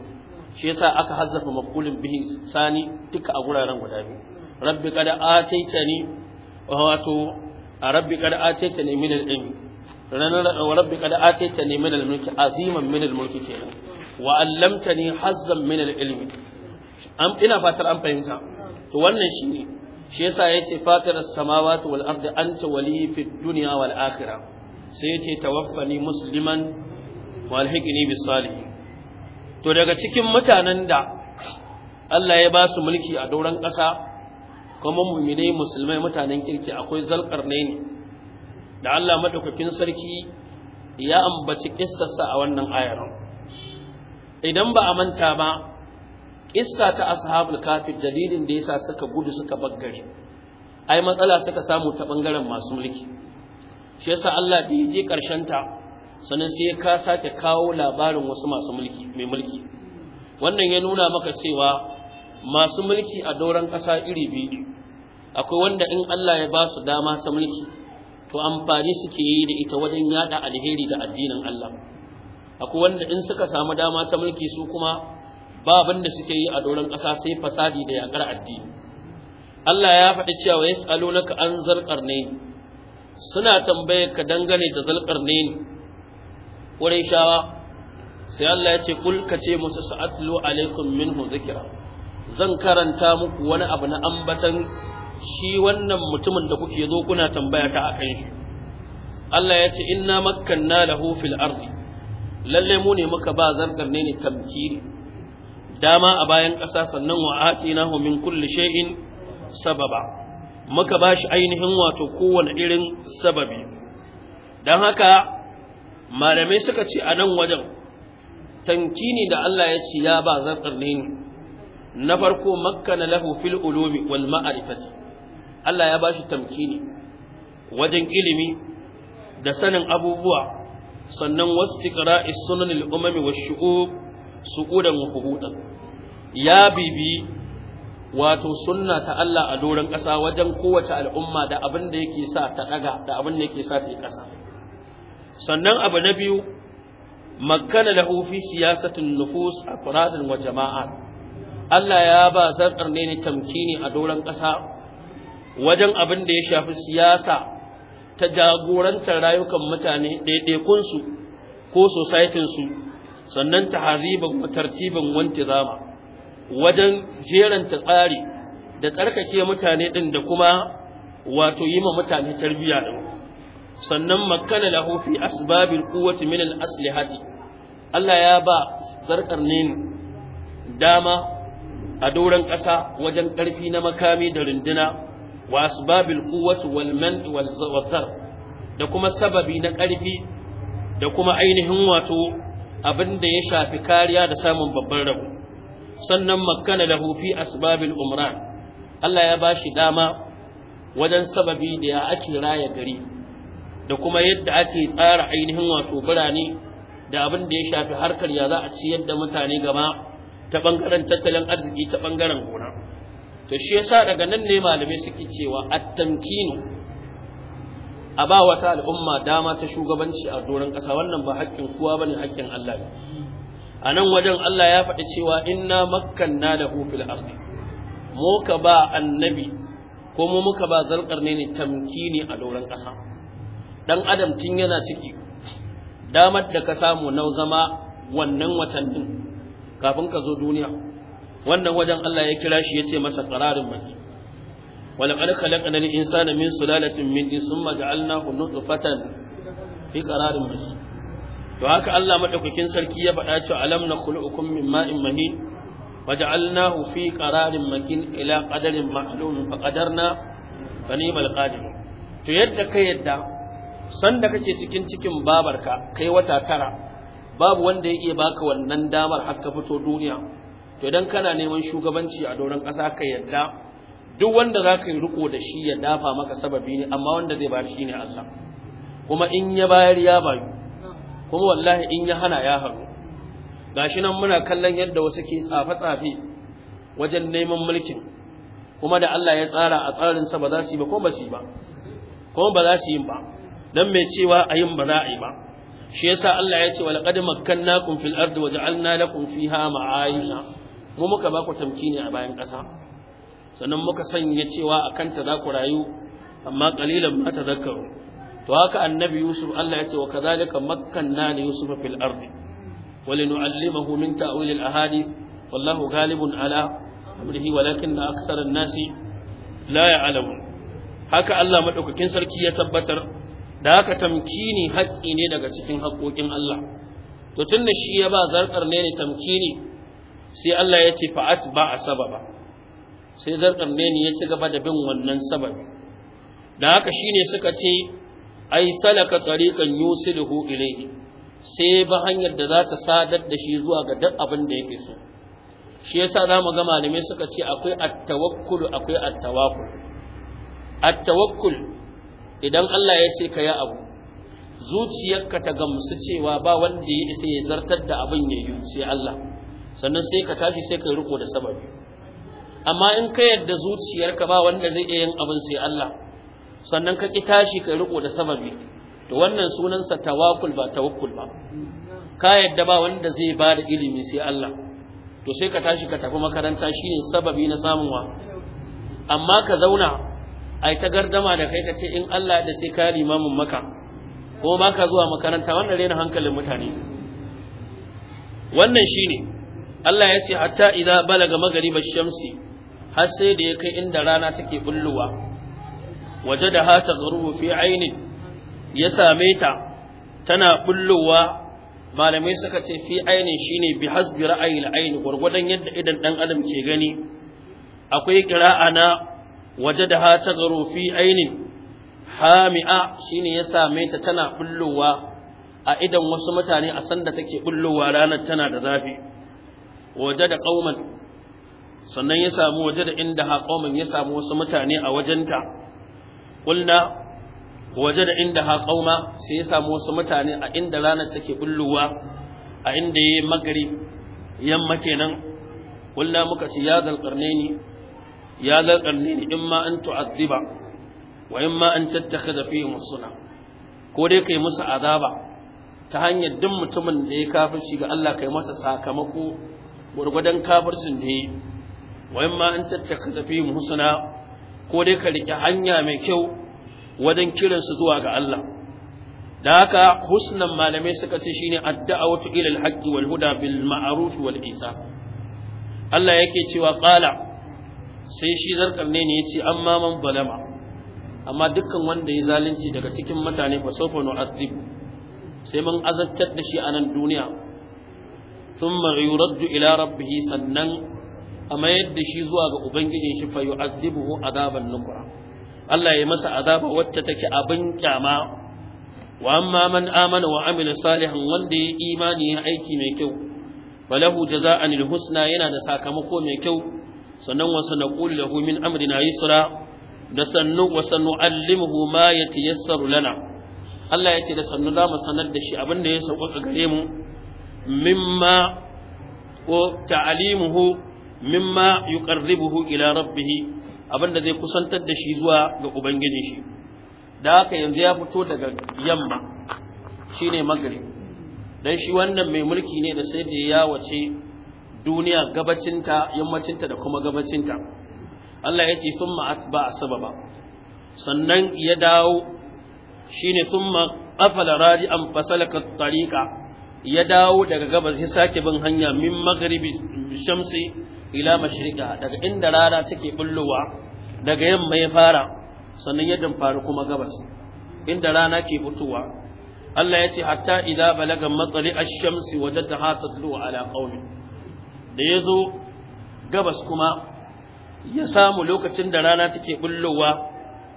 [SPEAKER 1] shi yasa aka hazzafa maqulin bihi sani duka a guraren guda biyu rabbi qad ataitani wato rabbi qad ataitani min al-ilmi ranar rabbi qad ataitani min al-mulki aziman min al-mulki kenan wa allamtani hazzan min al-ilmi ina fatar an fahimta to wannan shi yasa yace fatar samawati da ardi anta wali fi dunya wal akhirah sai yace tawaffani musliman wa alhiqni to daga cikin mutanen da Allah ya ba su mulki a dauran ƙasa kuma mu'minai musulmai mutanen kirki akwai zalqarnaini da Allah madaukakin sarki ya ambaci kissarsa a wannan ayar idan ba a manta ba kissa ta ashabul kafir dalilin da yasa suka gudu suka baggare ai matsala suka samu ta bangaren masu mulki shi yasa Allah bai je karshen ta sanan sai ka sake kawo labarin wasu masu mulki mai mulki wannan ya nuna maka cewa masu mulki a doron ƙasa iri biyu akwai wanda in Allah ya ba su dama ta mulki to amfani suke yi da ita wajen yada alheri da addinin Allah akwai wanda in suka samu dama ta mulki su kuma ba abin da suke yi a doron ƙasa sai fasadi da yakar addini Allah ya faɗi cewa yas'alunaka an ne, suna tambaye ka dangane da ne wurin shawa sai Allah ya ce kul ka ce musu sa'atlu alaikum minhu zikira zan karanta muku wani abu na ambatan shi wannan mutumin da kuke zo kuna tambaya ta akan shi Allah ya ce inna makkanna lahu fil ardi lalle mu ne muka ba zargar ne tamkiri dama a bayan ƙasa sannan wa atina min kulli shay'in sababa muka ba shi ainihin wato kowane irin sababi dan haka malamai suka ce a nan wajen tankini da Allah ya ce ya ba zarkar ne na farko makkana lahu fil ulumi wal ma'rifati Allah ya ba shi tamkini wajen ilimi da sanin abubuwa sannan wasu sunan al-umam wa shu'ub ƙudan wa hubudan ya bibi wato sunna ta Allah a doron ƙasa wajen kowace al'umma da abin da yake sa ta ɗaga da abin da yake sa ta yi ƙasa sannan abu na biyu makana da ofi siyasatin nufus a afradan wa jama’a Allah ya ba zarkar ne tamkini a doron ƙasa wajen abin da ya shafi siyasa ta jagorantar rayukan mutane ɗaiɗaikunsu ko su sannan ta hariban tartibin wanti zama wajen jeranta tsari da tsarkake mutane ɗin da kuma wato yi ma mutane tarbiyya da sannan makana lahu fi asbabil quwwati min al aslihati Allah ya ba zarkar ne dama a doron ƙasa wajen ƙarfi na makami da runduna wa asbabil quwwati wal man da kuma sababi na ƙarfi da kuma ainihin wato abin da ya shafi kariya da samun babban rabo sannan makkana da hufi asbabil umran Allah ya bashi dama wajen sababi da ya ake raya gari da kuma yadda ake tsara ainihin wato birane da abin da ya shafi harkar ya za a ciyar da mutane gaba ta bangaren tattalin arziki ta bangaren gona to shi yasa daga nan ne malamai suke cewa at-tamkinu a ba wata al'umma dama ta shugabanci a doron ƙasa wannan ba haƙƙin kowa bane haƙƙin Allah ne a nan wajen Allah ya faɗi cewa inna makkanna lahu fil ardi mu ka ba annabi ko mu muka ba zalkar ne tamkini a doron ƙasa dan adam tun yana ciki damar da ka samu na zama wannan watannin kafin ka zo duniya wannan wajen Allah ya kira shi ya ce masa qararin maki walaqad khalaqna al-insana min sulalatin sun tin thumma nutsu fatan fi ƙararin maki to haka Allah maɗaukakin sarki ya faɗa cewa alam na nakhluqukum min ma'in mahin waja'alnahu fi ƙararin makin ila ƙadarin ma'lum fa qadarna fa ni'mal qadir to yadda ka yadda sanda kake cikin cikin babarka kai wata tara babu wanda ya iya baka wannan damar har ka fito duniya to idan kana neman shugabanci a doron ƙasa ka yadda duk wanda za ka yi riko da shi ya dafa maka sababi ne amma wanda zai bayar shi ne Allah kuma in ya bayar ya bayu kuma wallahi in ya hana ya haru shi nan muna kallon yadda wasu ke tsafe-tsafe wajen neman mulkin kuma da Allah ya tsara a tsarinsa ba za su yi ba ko ba su yi ba kuma ba za su yi ba dan mai cewa a yin ba za a yi ba shi yasa Allah ya ce wa laqad makkannakum fil ardi wa ja'alna lakum fiha ma'aisha mu muka ba ku tamkini a bayan ƙasa sannan muka sanya cewa a kanta za ku rayu amma ƙalilan ma ta zakaru to haka annabi yusuf allah ya ce wa kazalika makkanna li yusuf fil ardi wa linu'allimahu min ta'wil al ahadith wallahu ghalibun ala amrihi walakinna akthara an-nasi la ya'lamun haka allah madaukakin sarki ya tabbatar da haka tamkini haƙƙi ne daga cikin haƙoƙin allah to tunda shi ya ba zarkar ne ne tamkini sai Allah ya ce fa'at ba a sababa sai zarqarmeni ya ci gaba da bin wannan sababi Da haka shi ne suka ce ai salaka tariqan da hu’ile sai ba hanyar da za ta sadar da shi zuwa ga duk abin da yake so shi yasa zamu ga malamai suka ce akwai at akwai attawakul tawakkul idan Allah ya ce ka yi abu zuciyarka ta gamsu cewa ba wanda ya isa ya zartar da abin ya yi sai Allah sannan sai ka tashi sai ka riko da sababi amma in ka yadda zuciyarka ba wanda zai iya yin abin sai Allah sannan ka ki tashi ka riko da sababi to wannan sunansa tawakkul ba tawakkul ba ka yadda ba wanda zai ba da ilimi sai Allah to sai ka tashi ka tafi makaranta shine sababi na samunwa amma ka zauna ai ta gardama da kai ka ce in Allah da sai ka limamin maka ko ba ka zuwa makaranta wannan rena hankalin mutane wannan shine Allah ya ce hatta idza balaga magariba shamsi har sai da ya kai inda rana take bulluwa wajada ha tagrubu fi aini ya same ta tana bulluwa malamai suka ce fi aini shine bi hasbi ra'ayil ayn gurgudan yadda idan dan adam ke gani akwai qira'a na ta tagru fi aini hami'a shine ya same ta tana bullowa a idan wasu mutane a sanda take bullowa ranar tana da zafi waje da ƙauman sannan ya samu waje da inda ha ƙauman ya samu wasu mutane a wajenta ƙulna waje da inda ha ƙauma sai ya samu wasu mutane a inda ranar take bulluwa a inda ya yi magari yamma kenan ƙulna muka ce ya zalƙarne ni ya zalƙarne ni in ma an tu'azziba wa in ma an tattakhadha fihim husna ko dai kai musu azaba ta hanyar duk mutumin da ya kafirci ga Allah kai masa sakamako gurgudan kafircin da yi wa ma an tattaka tafi husna ko dai ka rike hanya mai kyau wajen kiransu zuwa ga Allah da haka husnan malamai suka ce shine addu'a ila al-haqqi wal huda bil ma'ruf wal isa Allah yake cewa qala sai shi zarkarne ne yace amma man balama amma dukkan wanda ya zalunci daga cikin mutane fa sawfa nu'azzib sai mun azabtar da shi a nan duniya thumma raddu ila rabbih sannan a mayar da shi zuwa ga ubangijin shi fa yu'adhibuhu azaban nukra Allah ya masa azaba wacce take abin kyama wa amma man amana wa amila salihan wanda ya imani ya aiki mai kyau falahu jaza'an husna yana da sakamako mai kyau sannan wa sanaqulu lahu min amrina yusra da sannu wa sanu'allimuhu ma yatayassaru lana Allah ya ce da sannu za mu sanar da shi abin da ya sauƙaƙa gare mu mimma ko ta'alimuhu mimma yuqarribuhu ila abin abinda zai kusantar da shi zuwa ga ubangiji shi da haka yanzu ya fito daga yamma shine magrib dan shi wannan mai mulki ne da sai da ya wace duniya gabacinta yammacinta da kuma gabacinta Allah ya ce summa atba sababa sannan ya dawo shine summa afala an fasalaka tariqa ya dawo daga gabas ya sake bin hanya min magharibi shamsi ila mashriqa daga inda rana take bullowa daga yamma ya fara sannan ya damfara kuma gabas inda rana ke fitowa Allah ya ce hatta idza balaga matsali ash-shamsi wajadaha tadlu ala qaumi da yazo gabas kuma ya samu lokacin da rana take bullowa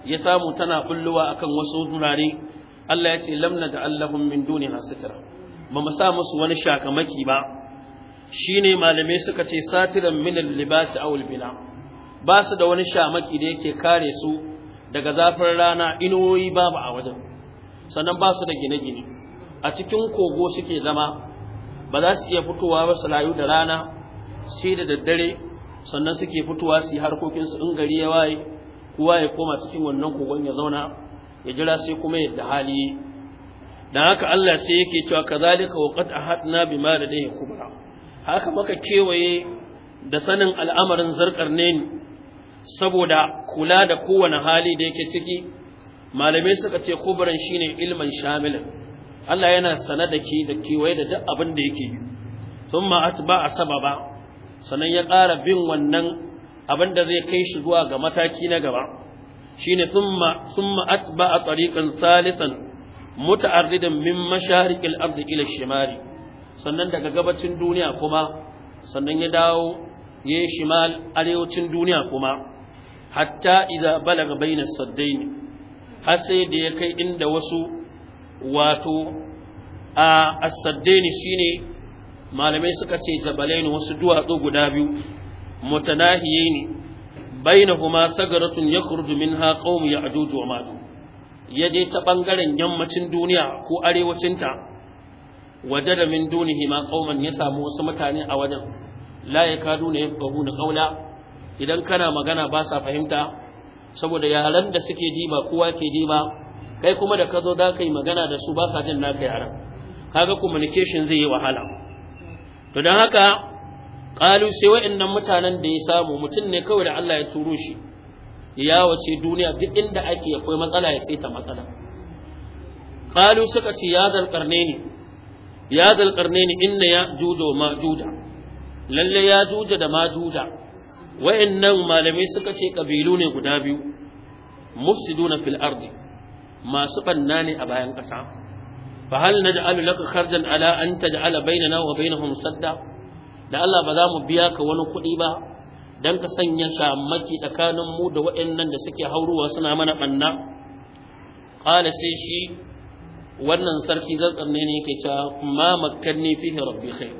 [SPEAKER 1] ya samu tana bullowa akan wasu durare Allah ya ce lam naj'al lahum min dunihi sitra ba mu sa musu wani shakamaki ba shine malamai suka ce satiran min al-libas aw ba su da wani shamaki da yake kare su daga zafin rana inuwoyi babu a wajen sannan ba su da gine-gine a cikin kogo suke zama ba za su iya fitowa ba su layu da rana sai da daddare sannan suke fitowa su yi harkokinsu in gari ya waye kowa ya koma cikin wannan kogon ya zauna ya jira sai kuma yadda hali dan haka Allah sai yake cewa kazalika wa qad ahadna bima ladayhi kubra haka maka kewaye da sanin al'amarin zarkar ne saboda kula da kowane hali da yake ciki malamai suka ce kubran shine ilmin shamilin Allah yana sanar da ke da kewaye da duk abin da yake yi thumma atba sababa sannan ya ƙara bin wannan abin da zai kai shi zuwa ga mataki na gaba shine thumma thumma atba tariqan salisan muta'arridan min mashariqil ardi ila shimali sannan daga gabacin duniya kuma sannan ya dawo ya yi shimal arewacin duniya kuma hatta idza balaga bainas saddain har sai da ya kai inda wasu wato a as shine malamai suka ce ne wasu duwatsu guda biyu mutanahiyaini bainahuma sagaratun yakhruju minha ya ya'juj wa ma'juj ya je ta ɓangaren yammacin duniya ko arewacinta waje da min dunihi ma kauman ya samu wasu mutane a wajen la ya kadu ne babu na kaula idan kana magana ba sa fahimta saboda yaran da suke diba kowa ke diba kai kuma da ka zo za ka yi magana da su ba sa jin naka yaran kaga communication zai yi wahala to don haka ƙalu sai wa'annan mutanen da ya samu mutum ne kawai da Allah ya turo shi ya wace duniya duk inda ake akwai matsala ya saita matsala Ƙalu suka ce ya zalqarnaini ya zalqarnaini inna ya judo ma juda lalle ya juda da ma juda wayannan malamai suka ce kabilu ne guda biyu mufsiduna fil ardi masu banna ne a bayan ƙasa. fa hal naj'alu laka kharjan ala an taj'ala bainana wa bainahum sadda da Allah ba za mu biya ka wani kuɗi ba dan ka sanya shamaki tsakanin mu da waɗannan da suke hauruwa suna mana banna qala sai shi wannan sarki zarkarne ne yake cewa ma makkanni fi rabbi khair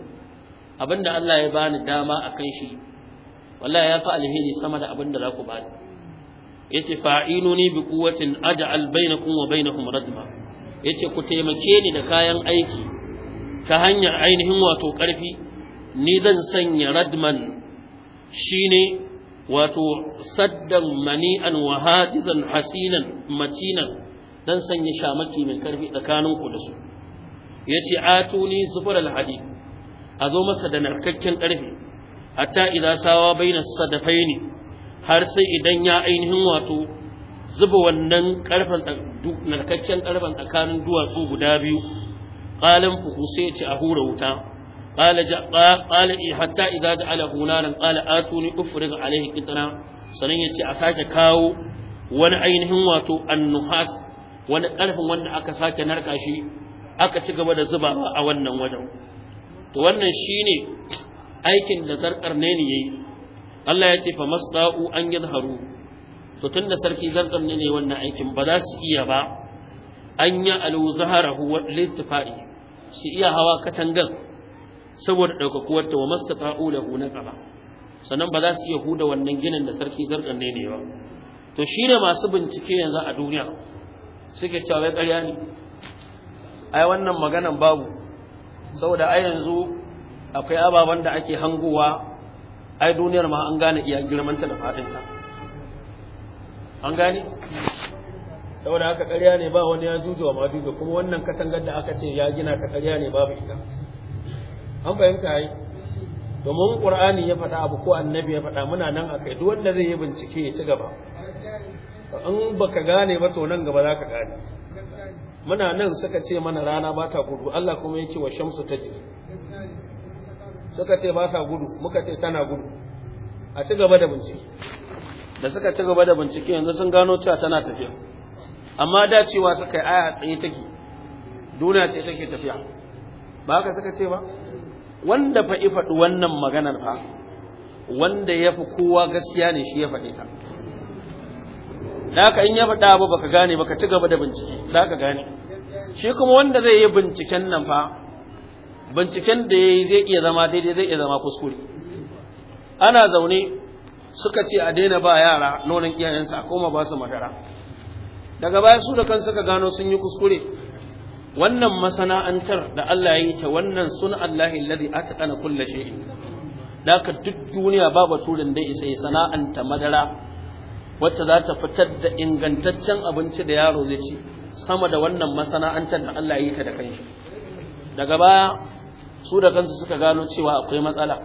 [SPEAKER 1] abinda Allah ya bani dama akan shi wallahi ya fi alheri sama da abinda za ku bani yace fa'inuni bi quwwatin aj'al bainakum wa bainahum radma yace ku taimake ni da kayan aiki ta hanyar ainihin wato ƙarfi ni zan sanya radman shine wato saddan mani'an wa hajizan hasinan matinan dan sanya shamaki mai karfi tsakanin ku da su yace atuni zubaral hadid a zo masa da narkakken karfi hatta idza sawa baina sadafaini har sai idan ya ainihin wato zuba wannan karfan narkakken karfan tsakanin duwatsu guda biyu qalan fuhu sai ya ci a hura wuta قال قال حتى إذا جعله نارا قال آتوني أفرغ عليه قطرا sannan ya ce a sake kawo wani ainihin wato annuhas wani ƙarfin wanda aka sake narka shi aka ci gaba da zubawa a wannan wajen to wannan shine aikin da zarkar ne ne yayi Allah ya ce fa masda'u an yadharu to tunda sarki zarkar ne ne wannan aikin ba za su iya ba an ya alu zaharahu wa listifa'i su iya hawa katangan saboda ɗaukakuwarta wa mastafa'u lahu nasaba sannan ba za su iya huda wannan ginin da sarki garganne ne ba to shi ne masu bincike yanzu a duniya suke cewa bai ƙarya ne ai wannan maganan babu saboda ai yanzu akwai ababen da ake hangowa ai duniyar ma an gane iya girmanta da faɗinta an gane saboda haka ƙarya ne ba wani ya jujuwa ma juje, kuma wannan katangar da aka ce ya gina ta ƙarya ne babu ita an fahimta ai domin qur'ani ya faɗa abu ko annabi ya faɗa muna nan a kai, duk wanda zai yi bincike ya ci gaba in baka gane ba to nan gaba za ka gane
[SPEAKER 2] muna nan suka
[SPEAKER 1] ce mana rana ba ta gudu Allah kuma ya ce wa shamsu ta jiri suka ce ba ta gudu muka ce tana gudu a ci gaba da bincike da suka ci gaba da bincike yanzu sun gano cewa tana tafiya amma da cewa suka yi aya tsaye take duniya ce take tafiya ba haka suka ce ba wanda fa faɗi wannan maganar fa wanda ya fi kowa gaskiya ne shi ya faɗi ta in ya faɗa ba baka gane baka ci gaba da bincike da gane shi kuma wanda zai yi binciken nan fa binciken da ya yi zai iya zama daidai zai iya zama kuskure ana zaune suka ce a daina ba yara nonon iyayensa koma ba su madara daga baya su da kan suka gano sun yi kuskure wannan masana'antar da Allah ya yi ta wannan sun Allah alladhi atqana kulli shay'in daka duk duniya ba baturin da isa ya sana'anta madara wacce za ta fitar da ingantaccen abinci da yaro zai ci sama da wannan masana'antar da Allah ya yi ta da kanshi daga baya su da kansu suka gano cewa akwai matsala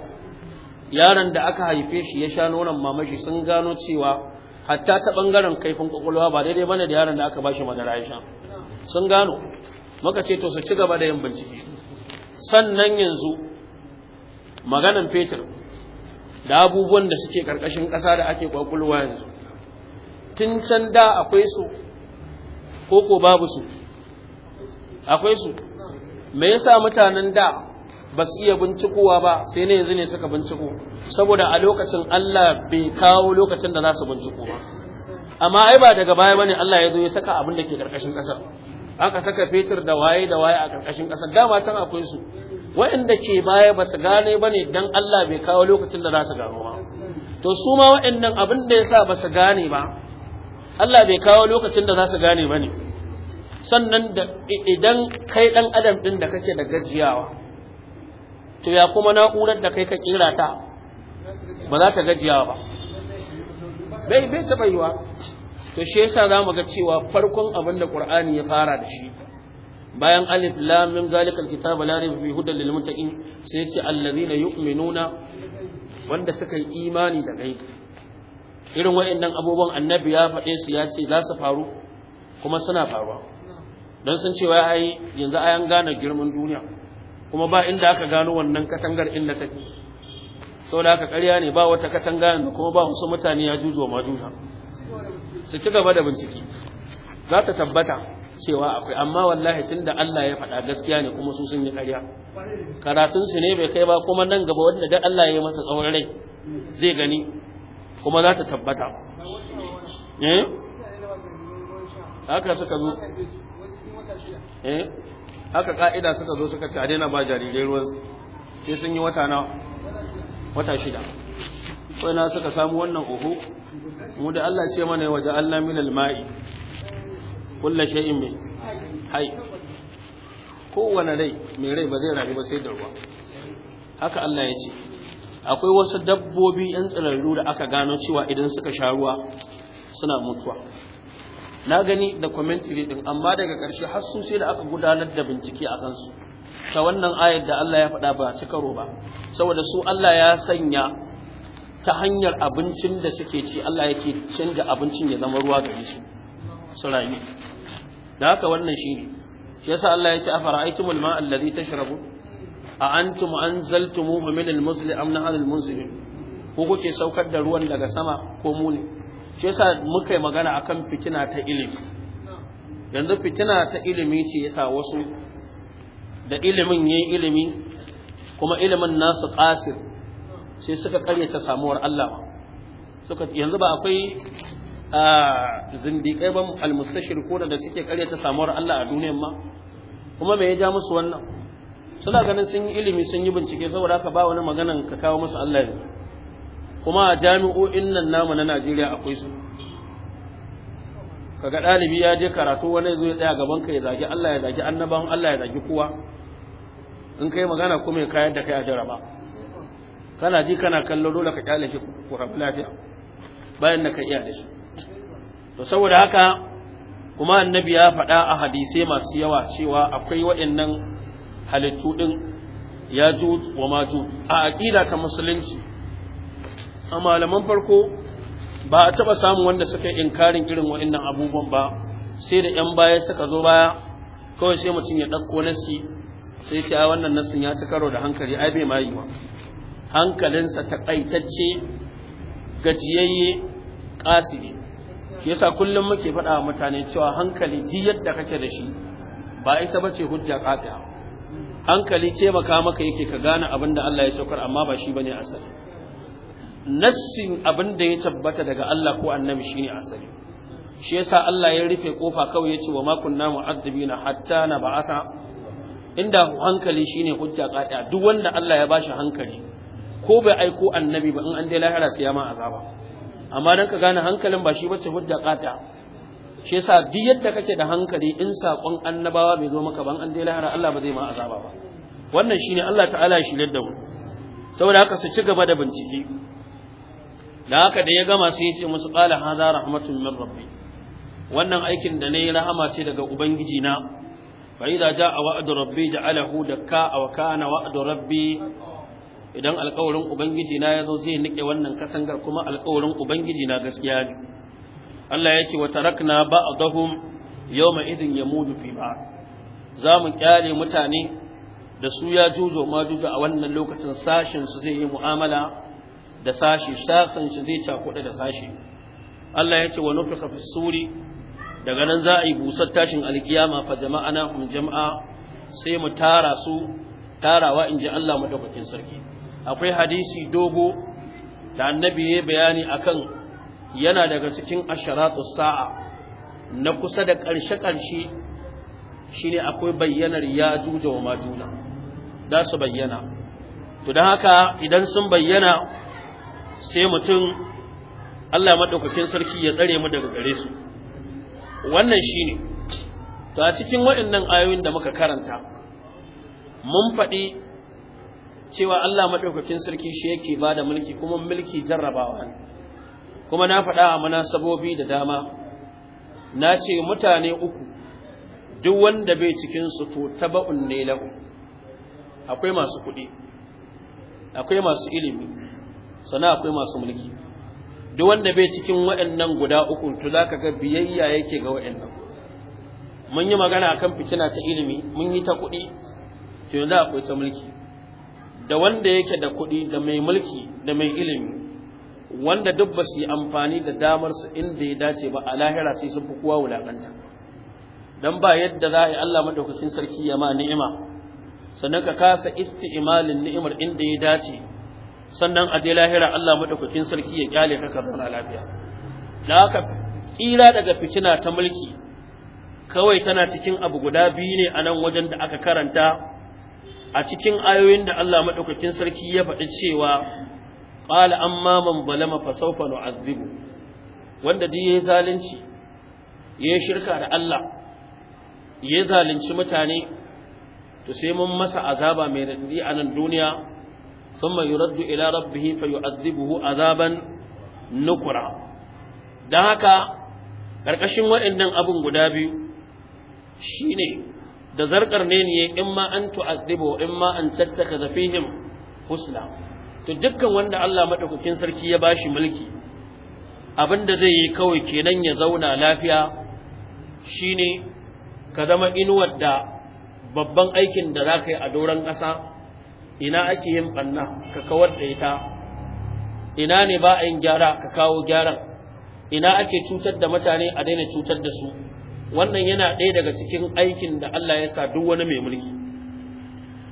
[SPEAKER 1] yaron da aka haife shi ya sha nonon mamashi sun gano cewa hatta ta bangaren kaifin kwakwalwa ba daidai bane da yaron da aka shi madara ya sha sun gano muka ce to su ci gaba da yin bincike sannan yanzu maganan fetur da abubuwan da suke karkashin ƙasa da ake kwakulwa yanzu tun can da akwai su ko ko babu su akwai su me yasa mutanen da ba su iya bincikowa ba sai ne yanzu ne suka binciko saboda a lokacin Allah bai kawo lokacin da za su binciko ba amma ai ba daga baya bane Allah ya zo ya saka abin da ke karkashin ƙasa. aka saka fetur da waye da waye a ƙarƙashin ƙasa dama can akwai su waɗanda ke baya ba su gane ba ne don Allah bai kawo lokacin da za su gano ba to su ma waɗannan abin da ya sa ba su gane ba Allah bai kawo lokacin da za su gane ba ne sannan da idan kai ɗan adam ɗin da kake da gajiyawa to ya kuma na'urar da kai ka ƙira ta ba za ta gajiyawa ba bai bai taɓa yiwa to shi yasa zamu ga cewa farkon abin da Qur'ani ya fara da shi bayan alif lam mim zalikal kitaba la rayba fi hudan lil muttaqin sai yace allazina yu'minuna wanda suka yi imani da gaibi irin wayannan abubuwan annabi ya faɗe su ya ce za su faru kuma suna faruwa don sun cewa ai yanzu ayan gane girman duniya kuma ba inda aka gano wannan katangar inda take saboda haka ƙarya ne ba wata katanga ne, kuma ba wasu mutane ya juzo ma juza su ci gaba da bincike za ta tabbata cewa akwai amma wallahi tunda Allah ya faɗa gaskiya ne kuma su sun yi ƙarya karatun su ne bai kai ba kuma nan gaba wanda da Allah ya masa tsawon rai zai gani kuma za ta tabbata
[SPEAKER 2] eh haka suka zo eh
[SPEAKER 1] haka ka'ida suka zo suka ci a daina ba jarirai ruwan su. sai sun yi wata na wata shida sai na suka samu wannan uhu mu da Allah ce mana waje Allah min alma'i kullu shay'in min hay kowane rai mai rai ba zai rayu ba sai da ruwa haka Allah ya ce akwai wasu dabbobi yan tsirarru da aka gano cewa idan suka sha ruwa suna mutuwa na gani da commentary din amma daga ƙarshe har su sai da aka gudanar da bincike a kansu ta wannan ayar da Allah ya faɗa ba ci karo ba saboda su Allah ya sanya ta hanyar abincin da suke ci Allah yake canza abincin ya zama ruwa gare su su rayu da haka wannan ne. shi yasa Allah ya ce afara'aytumul ma'a allazi tashrabu a antum anzaltumuhu min al am nahnu al ko kuke saukar da ruwan daga sama ko mu ne shi yasa muka yi magana akan fitina ta ilimi yanzu fitina ta ilimi ce yasa wasu da ilimin yayin ilimi kuma ilimin nasu kasir. sai suka karyata samuwar Allah suka yanzu ba akwai zindiƙai ba ko da suke karyata samuwar Allah a duniyar ma kuma me ya ja musu wannan suna ganin sun yi ilimi sun yi bincike saboda haka ba wani maganan ka kawo musu Allah ne kuma a jami'o'in nan namu na Najeriya akwai su kaga ɗalibi ya je karatu wani zai tsaya gaban ka ya zagi Allah ya zagi annabawan Allah ya zagi kowa in kai magana kuma ya kayar da kai a jaraba kana ji kana kallo dole ka kyale shi ku rabu lafiya bayan da ka iya da shi to saboda haka kuma annabi ya faɗa a hadisai masu yawa cewa akwai waɗannan halittu din ya ju wa ma ju a aqida ta musulunci a malaman farko ba a taɓa samun wanda suka yi inkarin irin waɗannan abubuwan ba sai da ‘yan baya suka zo baya kawai sai mutum ya ɗauko nasi sai ce a wannan nasin ya ci karo da hankali ai bai ma yi ba hankalinsa taƙaitacce gajiyayye ƙasiri shi yasa kullum muke faɗa wa mutane cewa hankali duk yadda kake da shi ba ita bace hujja ƙaɗa. hankali taimaka maka yake ka gane abin da Allah ya saukar amma ba shi bane asali nassin abin da ya tabbata daga Allah ko annabi shine asali shi yasa Allah ya rufe kofa kawai yace wa ma kunna hatta na ba'atha inda hankali shine hujja ƙaɗa, duk wanda Allah ya bashi hankali ko bai aiko annabi ba in an dai lahira sai ya ma azaba amma dan ka gane hankalin ba shi bace hujja kata shi yasa duk yadda kake da hankali in sakon annabawa bai zo maka ba an dai lahira Allah ba zai ma azaba ba wannan shine Allah ta'ala shi da mu saboda haka su ci gaba da bincike da haka da ya gama sai ya ce musu qala hadha rahmatun min rabbi wannan aikin da nayi rahama ce daga ubangiji na fa idza jaa wa'du rabbi ja'alahu dakka wa kana wa'du rabbi idan alkawarin ubangiji na ya zo zai nike wannan kasangar kuma alkawarin ubangiji na gaskiya ne Allah ya ce wa tarakna ba'dahum yawma idin yamudu fi ba. za mu kyale mutane da su ya juzo ma juzo a wannan lokacin sashin su zai yi mu'amala da sashi sashin su zai cakuɗa da sashi Allah ya ce wa nufika fi suri daga nan za a yi busar tashin alkiyama fa jama'ana hum jama'a sai mu tara su tarawa in ji Allah madaukakin sarki akwai hadisi dogo da annabi ya bayani akan yana daga cikin asharatus sa'a na kusa da ƙarshe-ƙarshe shine akwai bayyanar ya juja wa majuna da su bayyana to dan haka idan sun bayyana sai mutum Allah maɗaukakin sarki ya tsare mu daga gare su wannan shine to a cikin waɗannan ayoyin da muka karanta mun faɗi cewa Allah madaukakin sarki shi yake bada mulki kuma mulki jarrabawa kuma na faɗa a munasabobi da dama na ce mutane uku duk wanda bai cikin su to taba'un ne lahu akwai masu kuɗi akwai masu ilimi sana akwai masu mulki duk wanda bai cikin waɗannan guda uku to zaka ga biyayya yake ga waɗannan mun yi magana a kan fitina ta ilimi mun yi ta kuɗi to yanzu akwai ta mulki da wanda yake da kuɗi da mai mulki da mai ilimi wanda duk ba su yi amfani da damar su inda ya dace ba a lahira sai sun fi kowa wulaƙanta, don ba yadda za a yi Allah maɗaukakin sarki ya ma ni'ima sannan ka kasa isti'malin ni'imar inda ya dace sannan a je lahira Allah maɗaukakin sarki ya ƙyale ka ka zauna lafiya da haka kira daga fitina ta mulki kawai tana cikin abu guda biyu ne a nan wajen da aka karanta a cikin ayoyin da Allah madaukakin sarki ya faɗi cewa qala an maman balama fa sawfa nu'azzibu wanda duk yayi zalunci yayi shirka da Allah yayi zalunci mutane to sai mun masa azaba mai radadi a nan duniya thumma yuraddu ila rabbih fa yu'azzibuhu azaban nukura dan haka ƙarƙashin waɗannan abun guda biyu shine da zarkar ne ne in ma an tu'adibu in ma an tattaka da husna to dukkan wanda Allah madaukakin sarki ya bashi mulki abinda zai yi kawai kenan ya zauna lafiya shine ka zama inuwar da babban aikin da zaka yi a doron ƙasa ina ake yin banna ka kawar da ita ina ne ba a gyara ka kawo gyaran ina ake cutar da mutane a daina cutar da su wannan yana ɗaya daga cikin aikin da Allah ya sa duk wani mai mulki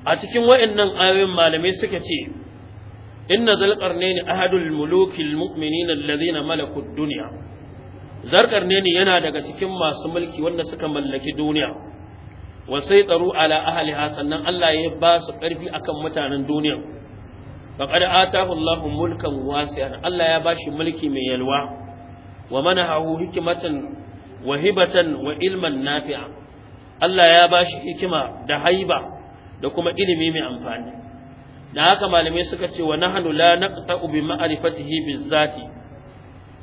[SPEAKER 1] a cikin waɗannan ayoyin malamai suka ce inna zalqarnaini ahadul muluki almu'minina alladhina malakud dunya zalqarnaini yana daga cikin masu mulki wanda suka mallaki duniya wa saytaru ala ahliha sannan Allah ya ba su ƙarfi akan mutanen duniya faqad atahu Allahu mulkan wasi'an Allah ya bashi mulki mai yalwa wa manahu hikmatan wa hibatan wa ilman nafi'a Allah ya bashi hikima da haiba da kuma ilimi mai amfani da haka malamai suka ce wa nahnu la naqta'u bi ma'rifatihi bizzati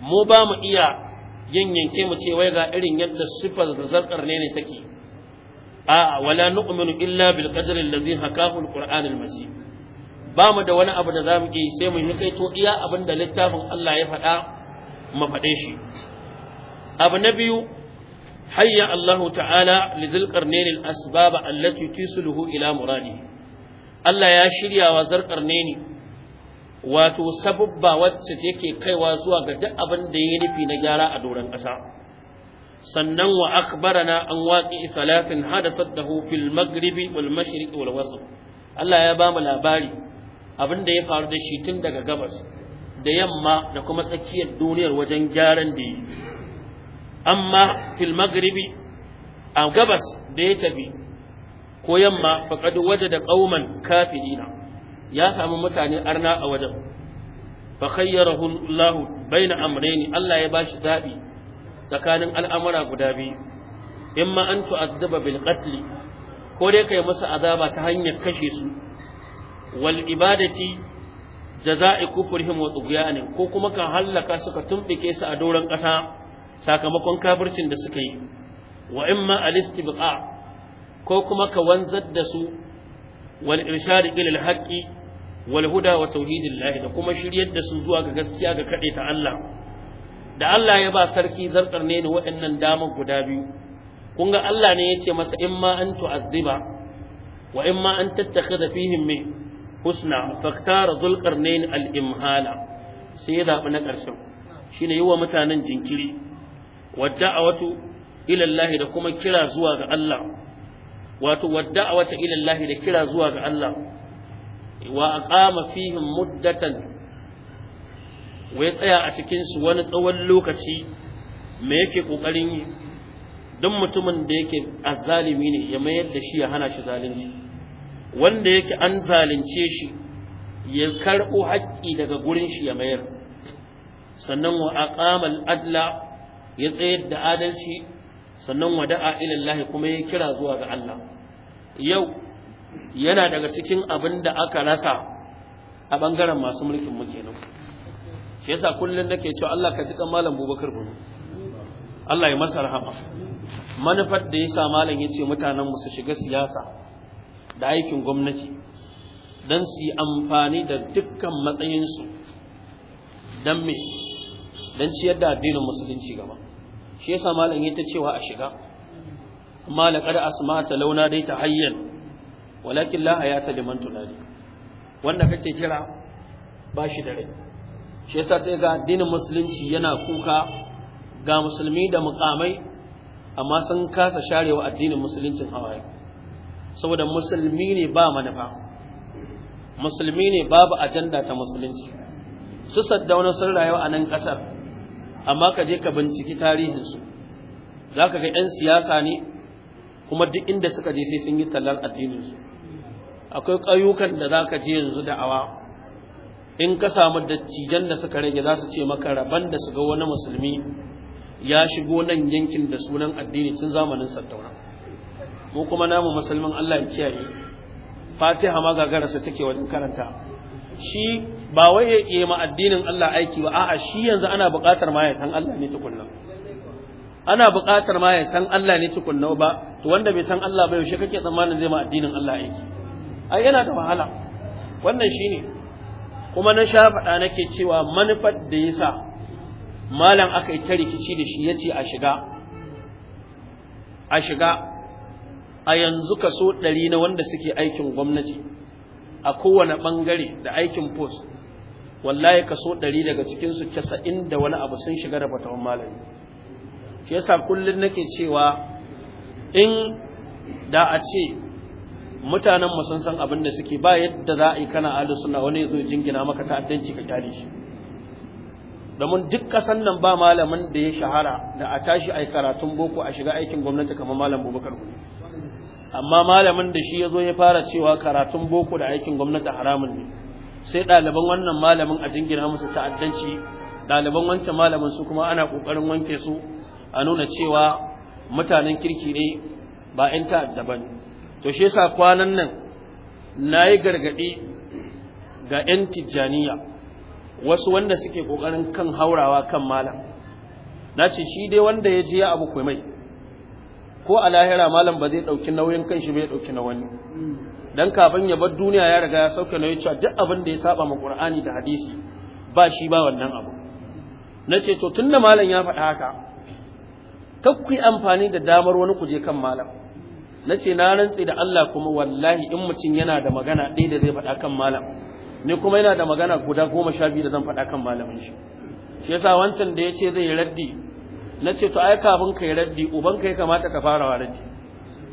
[SPEAKER 1] mu ba mu iya yin yanke mu ce ga irin yadda sifar zarkar ne ne take A'a wala nu'minu illa bil qadri alladhi hakahu alquran almasih ba mu da wani abu da zamu yi sai mu yi kai to iya abin da littafin Allah ya faɗa mu faɗe shi abu na biyu hayya Allahu ta'ala lidil qarnayn al-asbab allati tisluhu ila muradi Allah ya shirya wa neni wato sababba wacce yake kaiwa zuwa ga duk abin da ya nufi na gyara a doron ƙasa sannan wa akhbarana an waqi salatin hadathathu fil maghribi wal mashriq wal wasl Allah ya ba mu labari abin da ya faru da shi tun daga gabas da yamma da kuma tsakiyar duniyar wajen gyaran da yi amma fil maghribi a gabas da ya tafi ko yamma faqad wajada qauman kafirina ya samu mutane arna a wajen fa khayyarahu Allah baina amrayni Allah ya bashi zabi tsakanin al'amura guda biyu imma an tu'addaba bil qatl ko dai kai masa azaba ta hanyar kashe su wal ibadati jaza'i kufrihim wa tughyanin ko kuma kan hallaka suka tumbike su a doron ƙasa sakamakon kafircin da suka yi wa imma al ko kuma ka wanzar da su wal irshad ila al-haqqi wal huda wa tauhidillahi da kuma shiryar da su zuwa ga gaskiya ga kade ta Allah da Allah ya ba sarki zarkar ne ni waɗannan damar guda biyu kun ga Allah ne ya ce masa imma an tu'azziba wa imma an tattakhidha fihim min husna faktara zulqarnain al-imhala sai ya zabi na ƙarshen shine yi wa mutanen jinkiri wadda'awatu ila Allah da kuma kira zuwa ga Allah wato wadda'awata ila Allah da kira zuwa ga Allah wa aqama fihim muddatan wai tsaya a cikin su wani tsawon lokaci me yake kokarin yi duk mutumin da yake azzalimi ne ya mayar da shi ya hana shi zalunci wanda yake an zalunce shi ya karɓo haƙƙi daga gurin shi ya mayar sannan wa aqama al-adla ya tsayar da adalci sannan wada'a ilallahi kuma ya kira zuwa ga Allah yau yana daga cikin abin da aka rasa a bangaren masu mulkin mu shi yasa kullun nake cewa Allah ka kan malam Bubakar Bunu Allah ya masa rahama manufar da yasa malam yace mutanen mu su shiga siyasa da aikin gwamnati dan su yi amfani da dukkan matsayinsu don me dan ciyar da addinin musulunci gaba shi yasa malam ta cewa a shiga amma asma ta launa dai ta hayyan walakin la hayata liman tunadi wanda kake kira ba shi da rai shi yasa sai ga addinin musulunci yana kuka ga musulmi da mukamai amma sun kasa sharewa addinin musuluncin hawaye saboda musulmi ne ba manufa musulmi ne babu ajanda ta musulunci su saddauna sun rayuwa a nan kasar amma ka je ka binciki tarihinsu za ka ga 'yan siyasa ne kuma duk inda suka je sai sun yi tallar addininsu akwai ƙauyukan da za ka je yanzu da awa in ka samu dattijan da suka rage za su ce maka rabon da su ga wani musulmi ya shigo nan yankin da sunan addini tun zamanin sattauna mu kuma namu musulmin Allah ya kiyaye fatiha ma gagarasa take wajen karanta shi ba wai ya yi ma addinin Allah aiki ba a'a shi yanzu ana buƙatar ma ya san Allah ne tukunna ana buƙatar ma ya san Allah ne tukunna ba to wanda bai san Allah ba yaushe kake tsammanin zai ma addinin Allah aiki ai yana da wahala wannan shine kuma na sha faɗa nake cewa manufar da yasa malam aka yi ta rikici da shi yace a shiga a shiga a yanzu kaso ɗari na wanda suke aikin gwamnati a kowane ɓangare da aikin post wallahi kaso ɗari daga cikinsu casa'in da wani abu sun shiga da fatawan malami shi yasa kullum nake cewa in da a ce mutanen mu sun san abin da suke ba yadda za a yi kana ahlus sunna wani zo jingina maka ta'addanci ka kyale shi domin duk kasan nan ba malamin da ya shahara da a tashi ai karatun boko a shiga aikin gwamnati kamar malam Abubakar ne, amma malamin da shi ya zo ya fara cewa karatun boko da aikin gwamnati haramun ne sai ɗaliban wannan malamin a jingina musu ta'addanci ɗaliban wancan malamin su kuma ana ƙoƙarin wanke su a nuna cewa mutanen kirki ne ba in ta'adda ba ne to shi yasa kwanan nan na yi gargaɗi ga 'yan tijjaniya wasu wanda suke ƙoƙarin kan haurawa kan malam na ce shi dai wanda ya je ya abu mai ko a lahira malam ba zai ɗauki nauyin kan shi bai ɗauki na wani dan kafin ya bar duniya ya riga ya sauke na yace duk abin da ya saba ma Qur'ani da hadisi ba shi ba wannan abu nace to tunda malam ya faɗa haka kakkui amfani da damar wani kuje kan malam nace na rantsi da Allah kuma wallahi in mutum yana da magana ɗaya da zai faɗa kan malam ni kuma yana da magana guda goma sha biyu da zan faɗa kan malamin shi shi yasa wancan da yace zai raddi nace to ai kafin kai raddi uban kai kamata ka fara raddi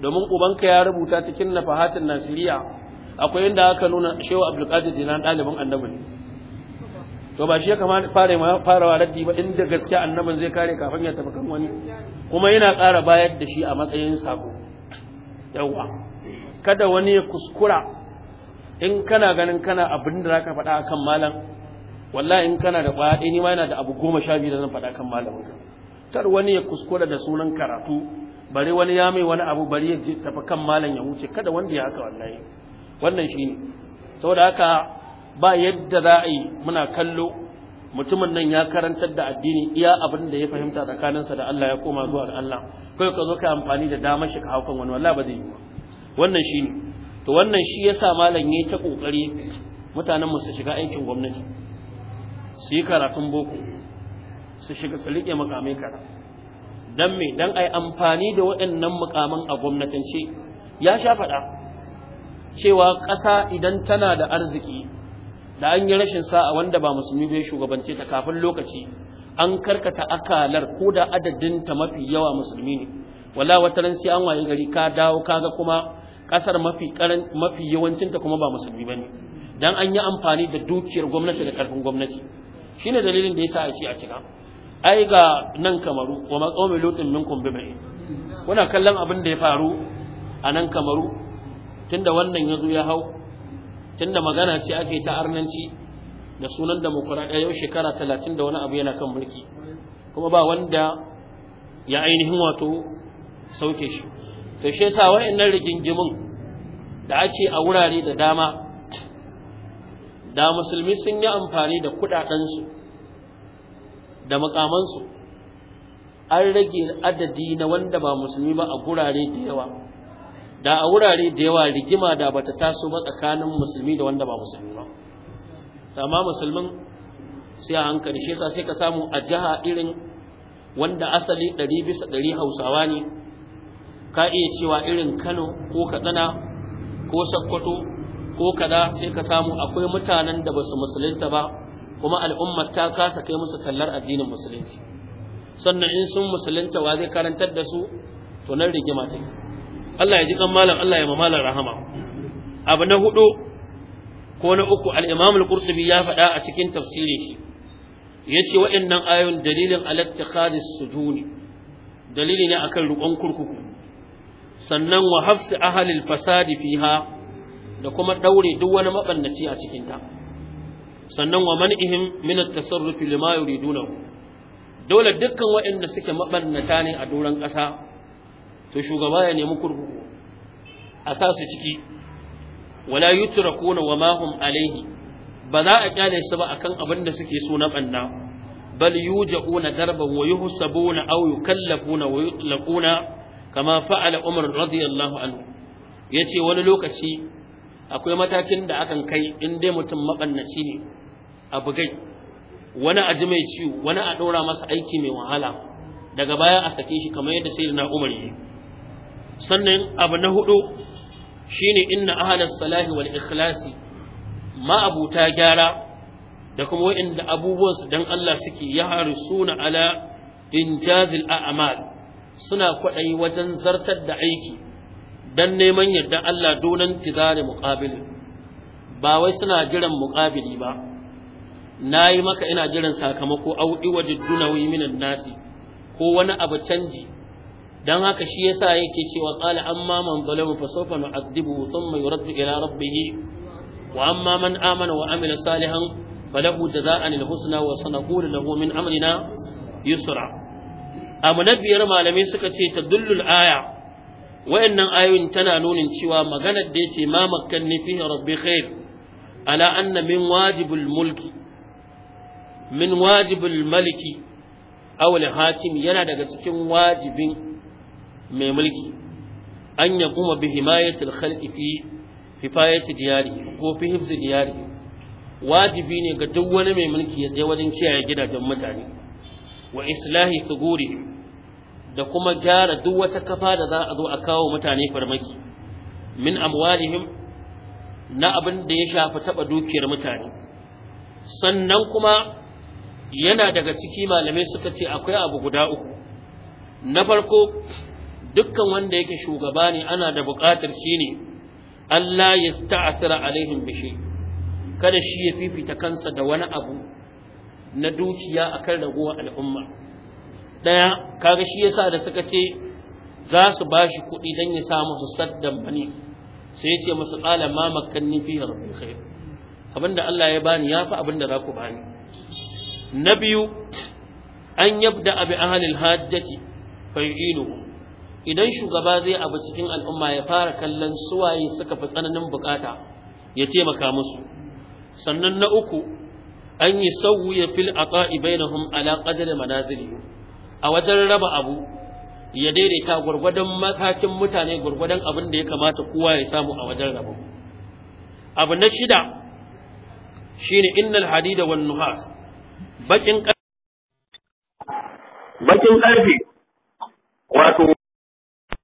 [SPEAKER 1] domin ubanka ya rubuta cikin nafahatin nasiriya akwai inda aka nuna shehu abdulkadir dinan ɗaliban annabi ne to ba shi ya kamata fare ma farawa raddi ba inda gaske annabin zai kare kafin ya tafi kan wani kuma yana ƙara bayar da shi a matsayin sako yawa kada wani ya kuskura in kana ganin kana abin da zaka faɗa akan malam wallahi in kana da ƙwaya ɗaya ni ma yana da abu goma sha biyu da zan faɗa kan malamin ka kar wani ya kuskura da sunan karatu bari wani ya mai wani abu bari ya tafi kan malam ya wuce kada wanda ya haka wallahi wannan shine saboda haka ba yadda za a yi muna kallo mutumin nan ya karantar da addini iya abin da ya fahimta tsakaninsa da Allah ya koma zuwa ga Allah kai ka zo ka amfani da damar shi ka haukan wani wallahi ba zai yi wannan shine to wannan shi yasa malam yayi ta kokari mutanen mu su shiga aikin gwamnati su yi karatun boko su shiga su rike makamai karatu dan me dan ai amfani da waɗannan mukaman a gwamnatance ya sha faɗa cewa ƙasa idan tana da arziki da an yi rashin sa'a wanda ba musulmi bai shugabance ta kafin lokaci an karkata akalar ko da adadin ta mafi yawa musulmi ne wala wata ran sai an waye gari ka dawo kaga kuma ƙasar mafi karan mafi yawancin ta kuma ba musulmi bane dan an yi amfani da dukiyar gwamnati da karfin gwamnati shine dalilin da yasa sa a cika ai ga nan kamaru wa maqawmi lutin minkum bimai kuna kallon abin da ya faru a nan kamaru tunda wannan yazo ya hau tunda magana ce ake ta arnanci da sunan demokradiyya yau shekara 30 da wani abu yana kan mulki kuma ba wanda ya ainihin wato sauke shi to shi yasa wayannan rigingimin da ake a wurare da dama da musulmi sun yi amfani da kudaden su da makamansu an rage adadi na wanda ba musulmi ba a gurare da yawa da a wurare da yawa rigima da bata taso ba tsakanin musulmi da wanda ba musulmi ba amma musulmin sai a hankali shi yasa sai ka samu a jiha irin wanda asali 100 bisa 100 Hausawa ne ka iya cewa irin Kano ko Katsina ko Sokoto ko kada sai ka samu akwai mutanen da ba basu musulunta ba kuma al'ummar ta kasa kai musu tallar addinin musulunci sannan in sun musulunta wa zai karantar da su to nan rigima ta Allah ya ji kan malam Allah ya ma malam rahama abu na hudu ko na uku al-Imam al-Qurtubi ya faɗa a cikin tafsirin shi yace wa'annan ayoyin dalilin al-ittikhadis sujuni dalili ne akan rubon kurkuku sannan wa hafsi ahli al-fasadi fiha da kuma daure duk wani mabannaci a cikin ta sannan wa man'ihim min at-tasarruf lima yuridunahu dole dukkan waɗanda suke mabannata ne a doron ƙasa to shugaba ya nemi kurkuku a sa su ciki wala yutrakuna wa ma hum alayhi ba za a kyale su ba akan abin da suke so na banna bal yuja'una darban wa yuhsabuna aw yukallafuna wa yutlaquna kama fa'ala Umar radiyallahu anhu yace wani lokaci akwai matakin da akan kai in dai mutum mabannaci ne a bugai wani a ji mai ciwo wani a ɗora masa aiki mai wahala daga baya a sake shi kamar yadda sai na umar yi sannan abu na hudu shine inna ahlas salahi wal ikhlasi ma abuta gyara da kuma wa'inda abubuwansu dan Allah suke ya harisuna ala injazil a'mal suna kwaɗayi wajen zartar da aiki don neman yadda Allah donan tizari muƙabili ba wai suna jiran muƙabili ba na yi maka ina jiran sakamako auɗi waje dunawi minan nasi ko wani abu canji don haka shi yasa yake cewa qala amma man zalama fa sawfa nu'adhibuhu thumma yuraddu ila rabbih wa amma man amana wa amila salihan falahu jaza'an al-husna wa sanaqulu lahu min amrina yusra abu na biyar malamai suka ce ta dullul aya wayannan ayoyin tana nunin cewa maganar da yace ma makkanni fihi rabbi khair ala anna min wajibul mulki min wajibul maliki awul hakim yana daga cikin wajibin mai mulki an ya kuma bi himayatul khalqi fi hifayati diyari ko fi hifzi diyari wajibi ne ga duk wani mai mulki ya je wajen kiyaye gidajen mutane wa islahi suguri da kuma gyara duk wata kafa da za a zo a kawo mutane farmaki min amwalihim na abin da ya shafi taba dukiyar mutane sannan kuma yana daga ciki malamai suka ce akwai abu guda uku na farko dukkan wanda yake shugaba ne ana da buƙatar shi ne Allah ya ta'asira alaihim bishi kada shi ya fifita kansa da wani abu na dukiya akan ragowar al'umma daya kaga shi yasa da suka ce za su bashi kuɗi don ya samu su saddan bane sai ya ce musu ƙala ma makanni fi rabbil khair abinda Allah ya bani ya fi abinda za ku bani na biyu an yabda abi ahalil hajjati fa idan shugaba zai abu cikin al'umma ya fara kallon suwaye suka fi tsananin bukata ya taimaka musu sannan na uku an yi ya fil aqa'i bainahum ala qadri manazili a wajen raba abu ya daidaita gurgurdan matakin mutane gurgurdan abin da ya kamata kowa ya samu a wajen rabo abu na shida shine innal hadida wan nuhas bakin bakin karfe wato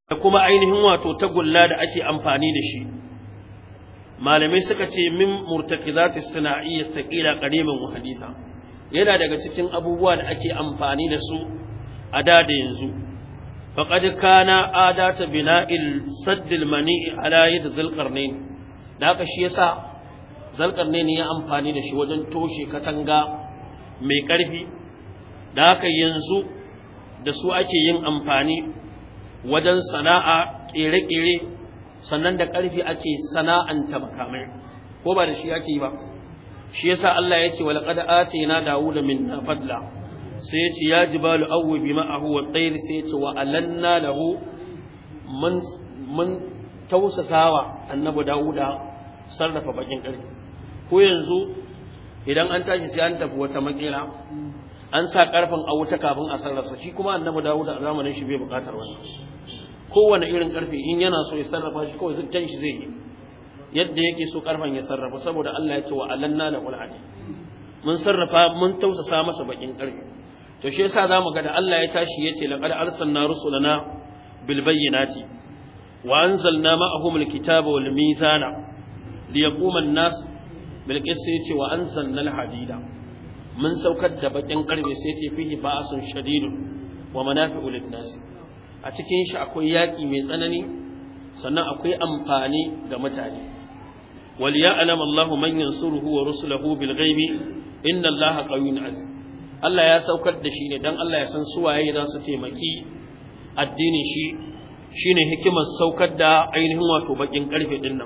[SPEAKER 1] da kuma ainihin wato tagulla da ake amfani da shi malamai suka ce min murtakizati sana'iyya taqila qadiman wa hadisa yana daga cikin abubuwa da ake amfani da su a da da yanzu faqad kana adata bina'il saddil mani'i ala yad zulqarnain da haka shi yasa zulqarnain ya amfani da shi wajen toshe katanga mai ƙarfi da aka yanzu da su ake yin amfani wajen sana'a ƙere-ƙere sannan da ƙarfi ake sana'anta makamai ko ba da shi ake yi ba shi yasa Allah ya ce na dawo da dawuda minna fadla sai yace ya jibalu awwi bima huwa wa tayr sai ce wa alanna lahu mun mun tausasawa annabi dawuda sarrafa bakin ƙarfi ko yanzu idan an tashi sai an tafi wata makera an sa karfin a wuta kafin a sarrafa shi kuma annabi Dawuda a zamanin shi bai bukatar wannan kowane irin karfi in yana so ya sarrafa shi kawai zai shi zai yi yadda yake so karfin ya sarrafa saboda Allah ya ce wa alanna la wal mun sarrafa mun tausasa masa bakin karfi to shi yasa zamu ga da Allah ya tashi yace laqad arsalna rusulana bil bayyinati wa anzalna ma'ahum al kitaba wal mizana liyaquma an-nas bilqis sai ce wa anzalna hadida mun saukar da bakin karfe sai ce fihi ba'asun shadidun wa manafi'u lin-nas a cikin shi akwai yaki mai tsanani sannan akwai amfani ga mutane wal ya'lam Allahu man yansuruhu wa rusuluhu bil ghaibi inna Allaha qawiyyun aziz Allah ya saukar da shi ne dan Allah ya san su waye za su taimaki addinin shi shine hikimar saukar da ainihin wato bakin karfe din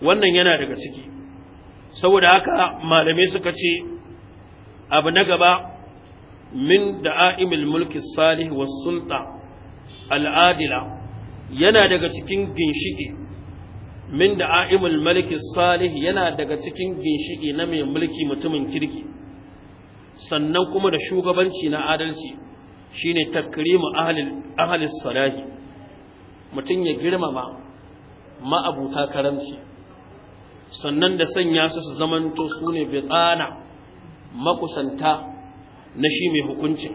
[SPEAKER 1] wannan yana daga ciki saboda haka malamai suka ce abu na gaba min da'a'imil mulki salih was sulta al'adila yana daga cikin ginshiki min da'a'imil mulki salih yana daga cikin ginshiki na mai mulki mutumin kirki sannan kuma da shugabanci na adalci shine takrimu ahlil ahlis salahi mutum ya girmama ma'abuta karamci sannan da sanya su su zamanto su ne bitana makusanta na shi mai hukuncin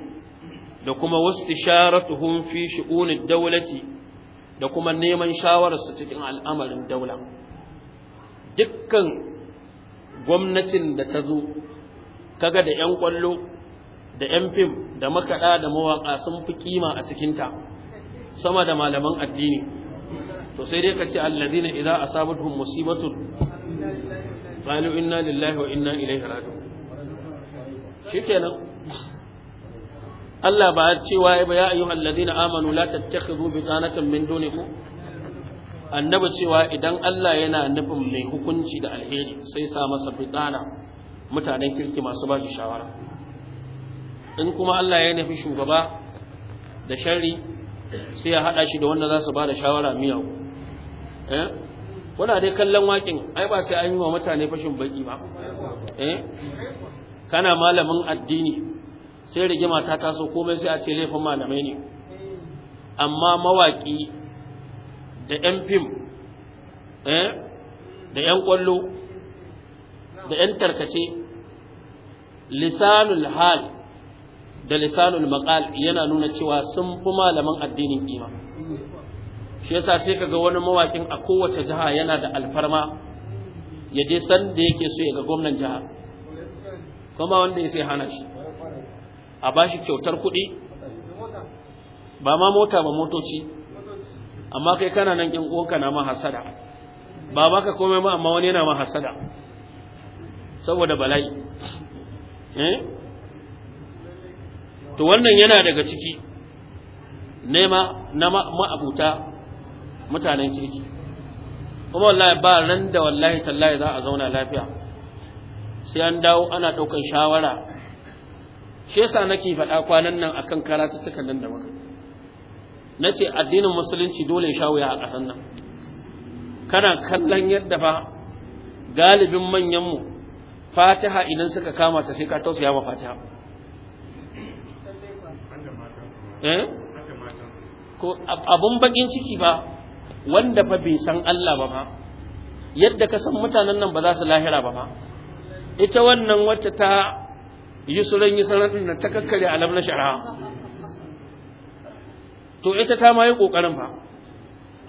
[SPEAKER 1] da kuma wasu wastisharatuhum fi shi'unin dawlati da kuma neman shawararsa cikin al'amarin daula dukkan gwamnatin da ta zo kaga da 'yan kwallo da 'yan fim da makaɗa da mawaƙa sun fi kima a cikinta sama da malaman addini to sai dai ka ce allazina idza asabatuhum musibatun qalu inna lillahi wa inna ilaihi raji'un shikenan Allah ba cewa ya ba ya ayyuhal ladina amanu la tattakhidhu bitanatan annabi cewa idan Allah yana nufin mai hukunci da alheri sai sa masa bitana mutanen kirki masu ba shi shawara in kuma Allah ya nufi shugaba da sharri sai ya haɗa shi da wanda za su ba da shawara miyagu eh kuna dai kallon wakin ai ba sai an yi wa mutane fashin baki ba eh kana malamin addini sai rigima ta taso komai sai a ce laifin malamai ne amma mawaki da yan fim eh da yan kwallo da yan tarkace lisanul hal da lisanul maqal yana nuna cewa sun fi malaman addinin kima shi yasa sai kaga wani mawakin a kowace jiha yana da alfarma ya je san da yake so ya ga gwamnan jiha kuma wanda ya sai hana shi a bashi kyautar kuɗi ba ma mota ba motoci amma kai kana nan kin ka na ma hasada ba baka komai ma amma wani yana ma hasada saboda bala'i eh
[SPEAKER 2] to wannan yana
[SPEAKER 1] daga ciki nema na ma'abuta mutanen kirki kuma wallahi ba ran da wallahi tallahi za a zauna lafiya sai an dawo ana ɗaukar shawara shi yasa nake faɗa kwanan nan akan karatuttukan nan da muka na ce addinin musulunci dole ya shawo a ƙasan nan kana kallon yadda fa galibin manyanmu fatiha idan suka kama ta sai ka tausaya ma fatiha eh? abun bakin ciki ba wanda fa bai san Allah ba fa yadda ka san mutanen nan ba za su lahira ba fa ita wannan wacce ta yi yi suran din ta kakkare alam na shara to ita ta ma yi kokarin fa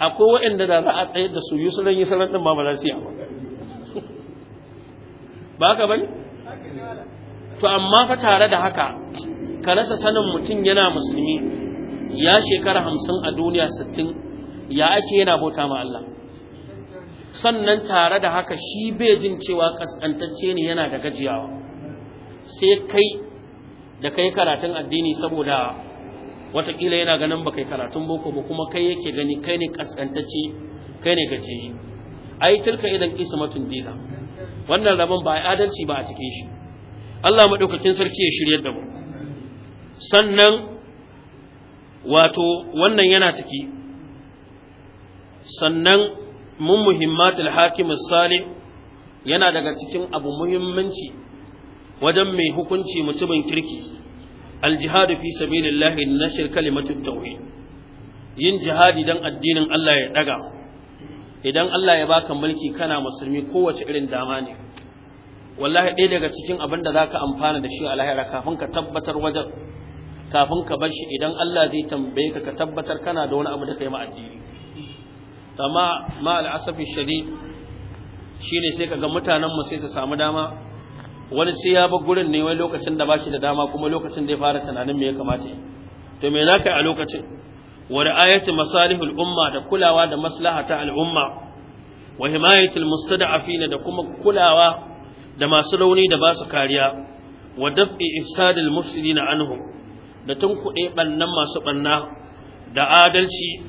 [SPEAKER 1] akwai waɗanda da za a tsayar da su yi yi suran din ba ba za su yi ba ba ka bane to amma fa tare da haka ka rasa sanin mutum yana musulmi ya shekara hamsin a duniya sittin ya ake yana bauta ma Allah sannan tare da haka shi bai jin cewa kaskantacce ne yana da gajiyawa sai kai da kai karatun addini saboda watakila yana ganin ba kai karatun boko ba kuma kai yake gani kai ne kaskantacce kai ne gajiyi ai tilka idan ismatun dila wannan rabon ba adalci ba a cikin shi Allah madaukakin sarki ya shiryar da mu sannan wato wannan yana ciki sannan mun muhimmatul hakim salih yana daga cikin abu muhimmanci wajen mai hukunci mutumin kirki aljihadu fi sabilillahi nashr kalimatut tauhid yin jihadi dan addinin Allah ya daga idan Allah ya baka mulki kana musulmi kowace irin dama ne wallahi ɗaya daga cikin abin da zaka amfana da shi a lahira kafin ka tabbatar wajen kafin ka bar shi idan Allah zai tambaye ka ka tabbatar kana da wani abu da kai ma addini amma ma al'asafi shari shi ne sai kaga mutanenmu sai su samu dama wani sai ya bi gurin ne wani lokacin da ba shi da dama kuma lokacin da ya fara tunanin me ya kamata to me na yi a lokacin wa ra'ayati masalihul umma da kulawa da maslahata al'umma wa himayatil mustada'afin da kuma kulawa da masu rauni da ba su kariya wa daf'i ifsadil mufsidin anhu da tun kuɗe masu banna da adalci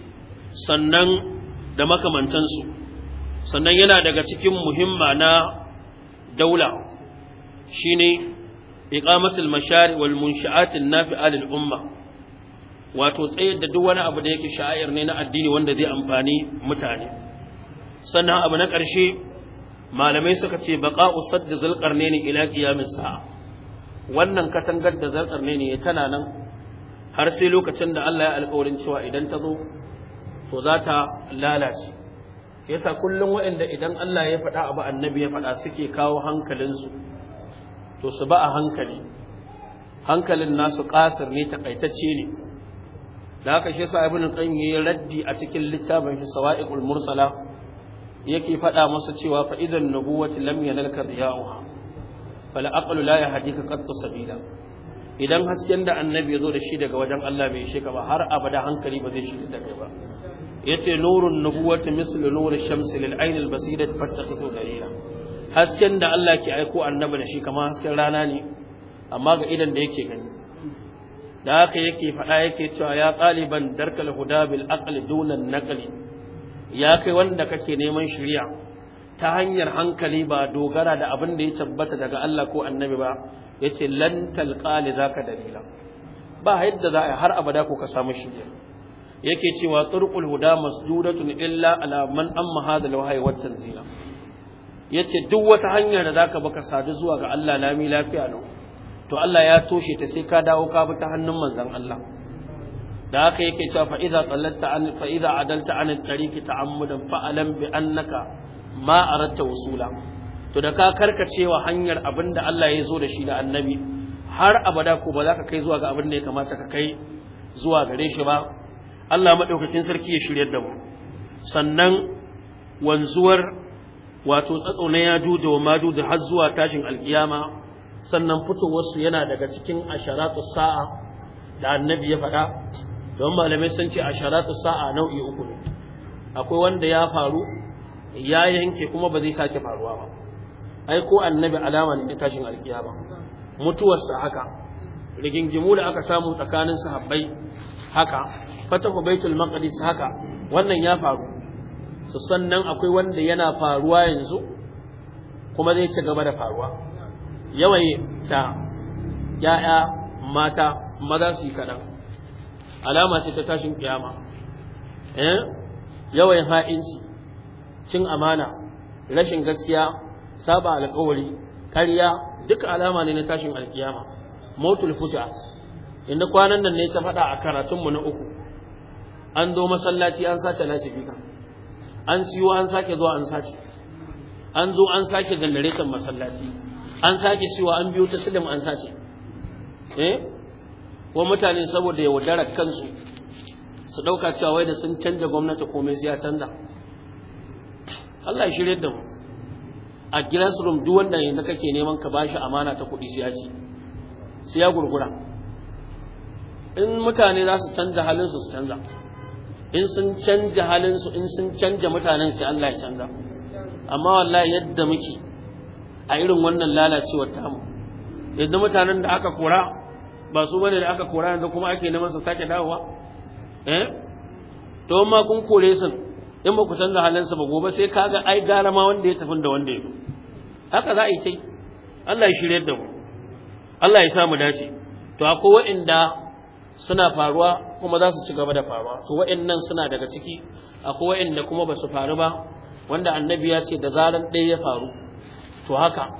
[SPEAKER 1] sannan da makamantansu sannan yana daga cikin muhimma na daula shine iqamatul mashari wal munshi'atin nafi'a lil umma wato tsayar da duk wani abu da yake sha'ir ne na addini wanda zai amfani mutane sannan abu na ƙarshe malamai suka ce baqa'u sadd zulqarnaini ila qiyamis sa'a wannan katangar da zulqarnaini tana nan har sai lokacin da Allah ya alƙawarin cewa idan ta zo to za ta lalace yasa kullum waɗanda idan Allah ya faɗa abu annabi ya faɗa suke kawo hankalinsu to su ba a hankali hankalin nasu ƙasar ne takaitacce ne da haka shi yasa ibn qayyim ya raddi a cikin littafin shi sawa'iqul mursala yake faɗa masa cewa fa idan nubuwati lam yanalka diya'uha fal aqlu la yahdika qattu sabila idan hasken da annabi ya zo da shi daga wajen Allah bai shi ba har abada hankali ba zai shiga da kai ba yace nurun nubuwati mislu nuri shamsi lil ayni al basirat fattaqitu dalila hasken da Allah ke aiko annabi da shi kamar hasken rana ne amma ga idan da yake gani da haka yake faɗa yake cewa ya ɗaliban darkal huda bil aqli dunan naqli ya kai wanda kake neman shari'a ta hanyar hankali ba dogara da abin da ya tabbata daga Allah ko annabi ba yace lan talqa li zaka dalila ba yadda za a har abada ko ka samu shi yake cewa turqul huda masjudatun illa ala man amma hadha alwahyi wat tanzila yace duk wata hanya da zaka baka sadu zuwa ga Allah lami lafiya no to Allah ya toshe ta sai ka dawo ka bi ta hannun manzon Allah da haka yake cewa fa idza qallatta an fa idza adalta an at-tariqi ta'ammudan fa alam bi annaka ma aradta wusula to da ka karkacewa hanyar abin da Allah ya zo da shi da annabi har abada ko ba za ka kai zuwa ga abin da ya kamata ka kai zuwa gare shi ba Allah maɗaukakin sarki ya shirya da mu sannan wanzuwar wato tsatso na yaju wa maju har zuwa tashin alkiyama sannan fitowarsu yana daga cikin asharatu sa'a da annabi ya faɗa don malamai sun ce asharatu sa'a nau'i uku ne akwai wanda ya faru ya yanke kuma ba zai sake faruwa ba ai ko annabi alama ne ta tashin alkiyama mutuwarsa haka rigingimu da aka samu tsakanin sahabbai haka fatahu baitul maqdis haka wannan ya faru su sannan akwai wanda yana faruwa yanzu kuma zai ci gaba da faruwa yawaye ta ya'ya mata maza su yi kaɗan alama ce ta tashin kiyama eh? yawan ha'inci cin amana rashin gaskiya saba alƙawari ƙarya duka alama ne na tashin alƙiyama motul fuja inda kwanan nan ne ta faɗa a karatunmu na uku an zo masallaci an sace na fika an siyo an sake zuwa an sace an zo an sake janareton masallaci an sake siwa an biyo ta silim an sace eh ko mutane saboda ya wadara kansu su ɗauka cewa wai da sun canja gwamnati komai sai ya canza Allah ya shirye da mu a classroom duk wanda yanzu kake neman ka bashi amana ta kuɗi sai ya ci sai ya gurgura in mutane za su canza halin su su canza in sun canja halin su in sun canja mutanen sai Allah ya canza amma wallahi yadda muke a irin wannan lalacewar ta mu yadda mutanen da aka kora ba su bane da aka kora yanzu kuma ake neman su sake dawowa eh to amma kun kore su in ba ku canza halinsa ba gobe sai kaga ai gara ma wanda ya tafi da wanda ya haka za a yi tai Allah ya shirye da mu Allah ya sa mu dace to akwai waɗanda suna faruwa kuma za su ci gaba da faruwa to waɗannan suna daga ciki akwai waɗanda kuma ba su faru ba wanda annabi ya ce da zaran ɗaya ya faru to haka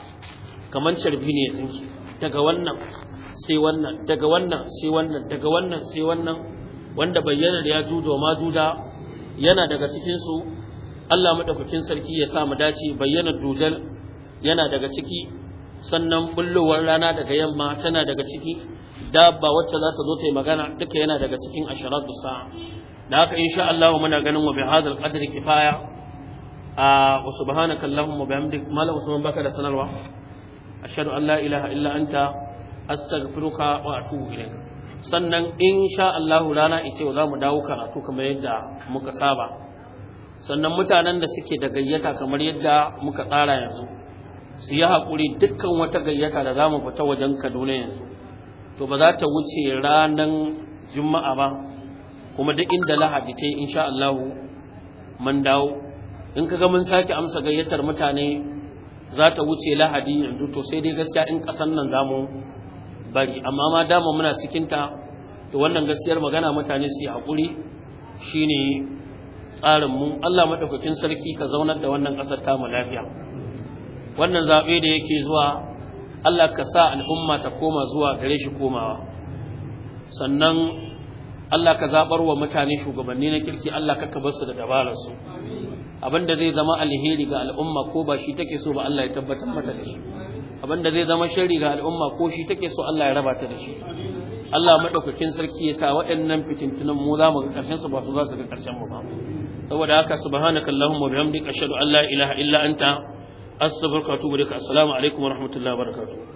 [SPEAKER 1] kamar carbi ne ya tsinki daga wannan sai wannan daga wannan sai wannan daga wannan sai wannan wanda bayyanar ya juda ma juda yana daga cikinsu. Allah madaukakin sarki ya sa mu dace bayyana dudal yana daga ciki sannan bullowar rana daga yamma tana daga ciki dabba wacce za ta zo ta yi magana duka yana daga cikin asharatu sa'a da haka insha Allah muna ganin wa bihadal qadri kifaya a wa subhanaka allahumma bihamdik mala usman baka da sanarwa ashhadu an la ilaha illa anta astaghfiruka wa atubu ilayk sannan in sha rana ita za mu dawo karatu kamar yadda muka saba sannan mutanen da suke da gayyata kamar yadda muka tsara yanzu su yi haƙuri dukkan wata gayyata da za mu fita wajen Kaduna yanzu to ba za ta wuce ranar Juma'a ba kuma duk inda Lahadi ta in sha Allah mun dawo in ga mun sake amsa gayyatar mutane za ta wuce Lahadi yanzu to sai dai gaskiya in kasan nan za mu bari amma ma dama muna cikin ta to wannan gaskiyar magana mutane su yi hakuri shine tsarin mu Allah madaukakin sarki ka zaunar da wannan kasar ta mu lafiya wannan zabe da yake zuwa Allah ka sa al'umma ta koma zuwa gare shi komawa sannan Allah ka zabar wa mutane shugabanni na kirki Allah ka kabar su da dabararsu abinda zai zama alheri ga al'umma ko ba shi take so ba Allah ya tabbatar mata da shi abinda zai zama shari ga al'umma ko shi take so Allah ya raba ta da shi Allah madaukakin sarki ya sa waɗannan fitintunan mu za mu ga ƙarshen su ba su za su ga ƙarshen mu ba saboda haka subhanaka allahumma bihamdika ashhadu an la ilaha illa anta astaghfiruka wa atubu ilaik assalamu alaikum wa rahmatullahi wa barakatuh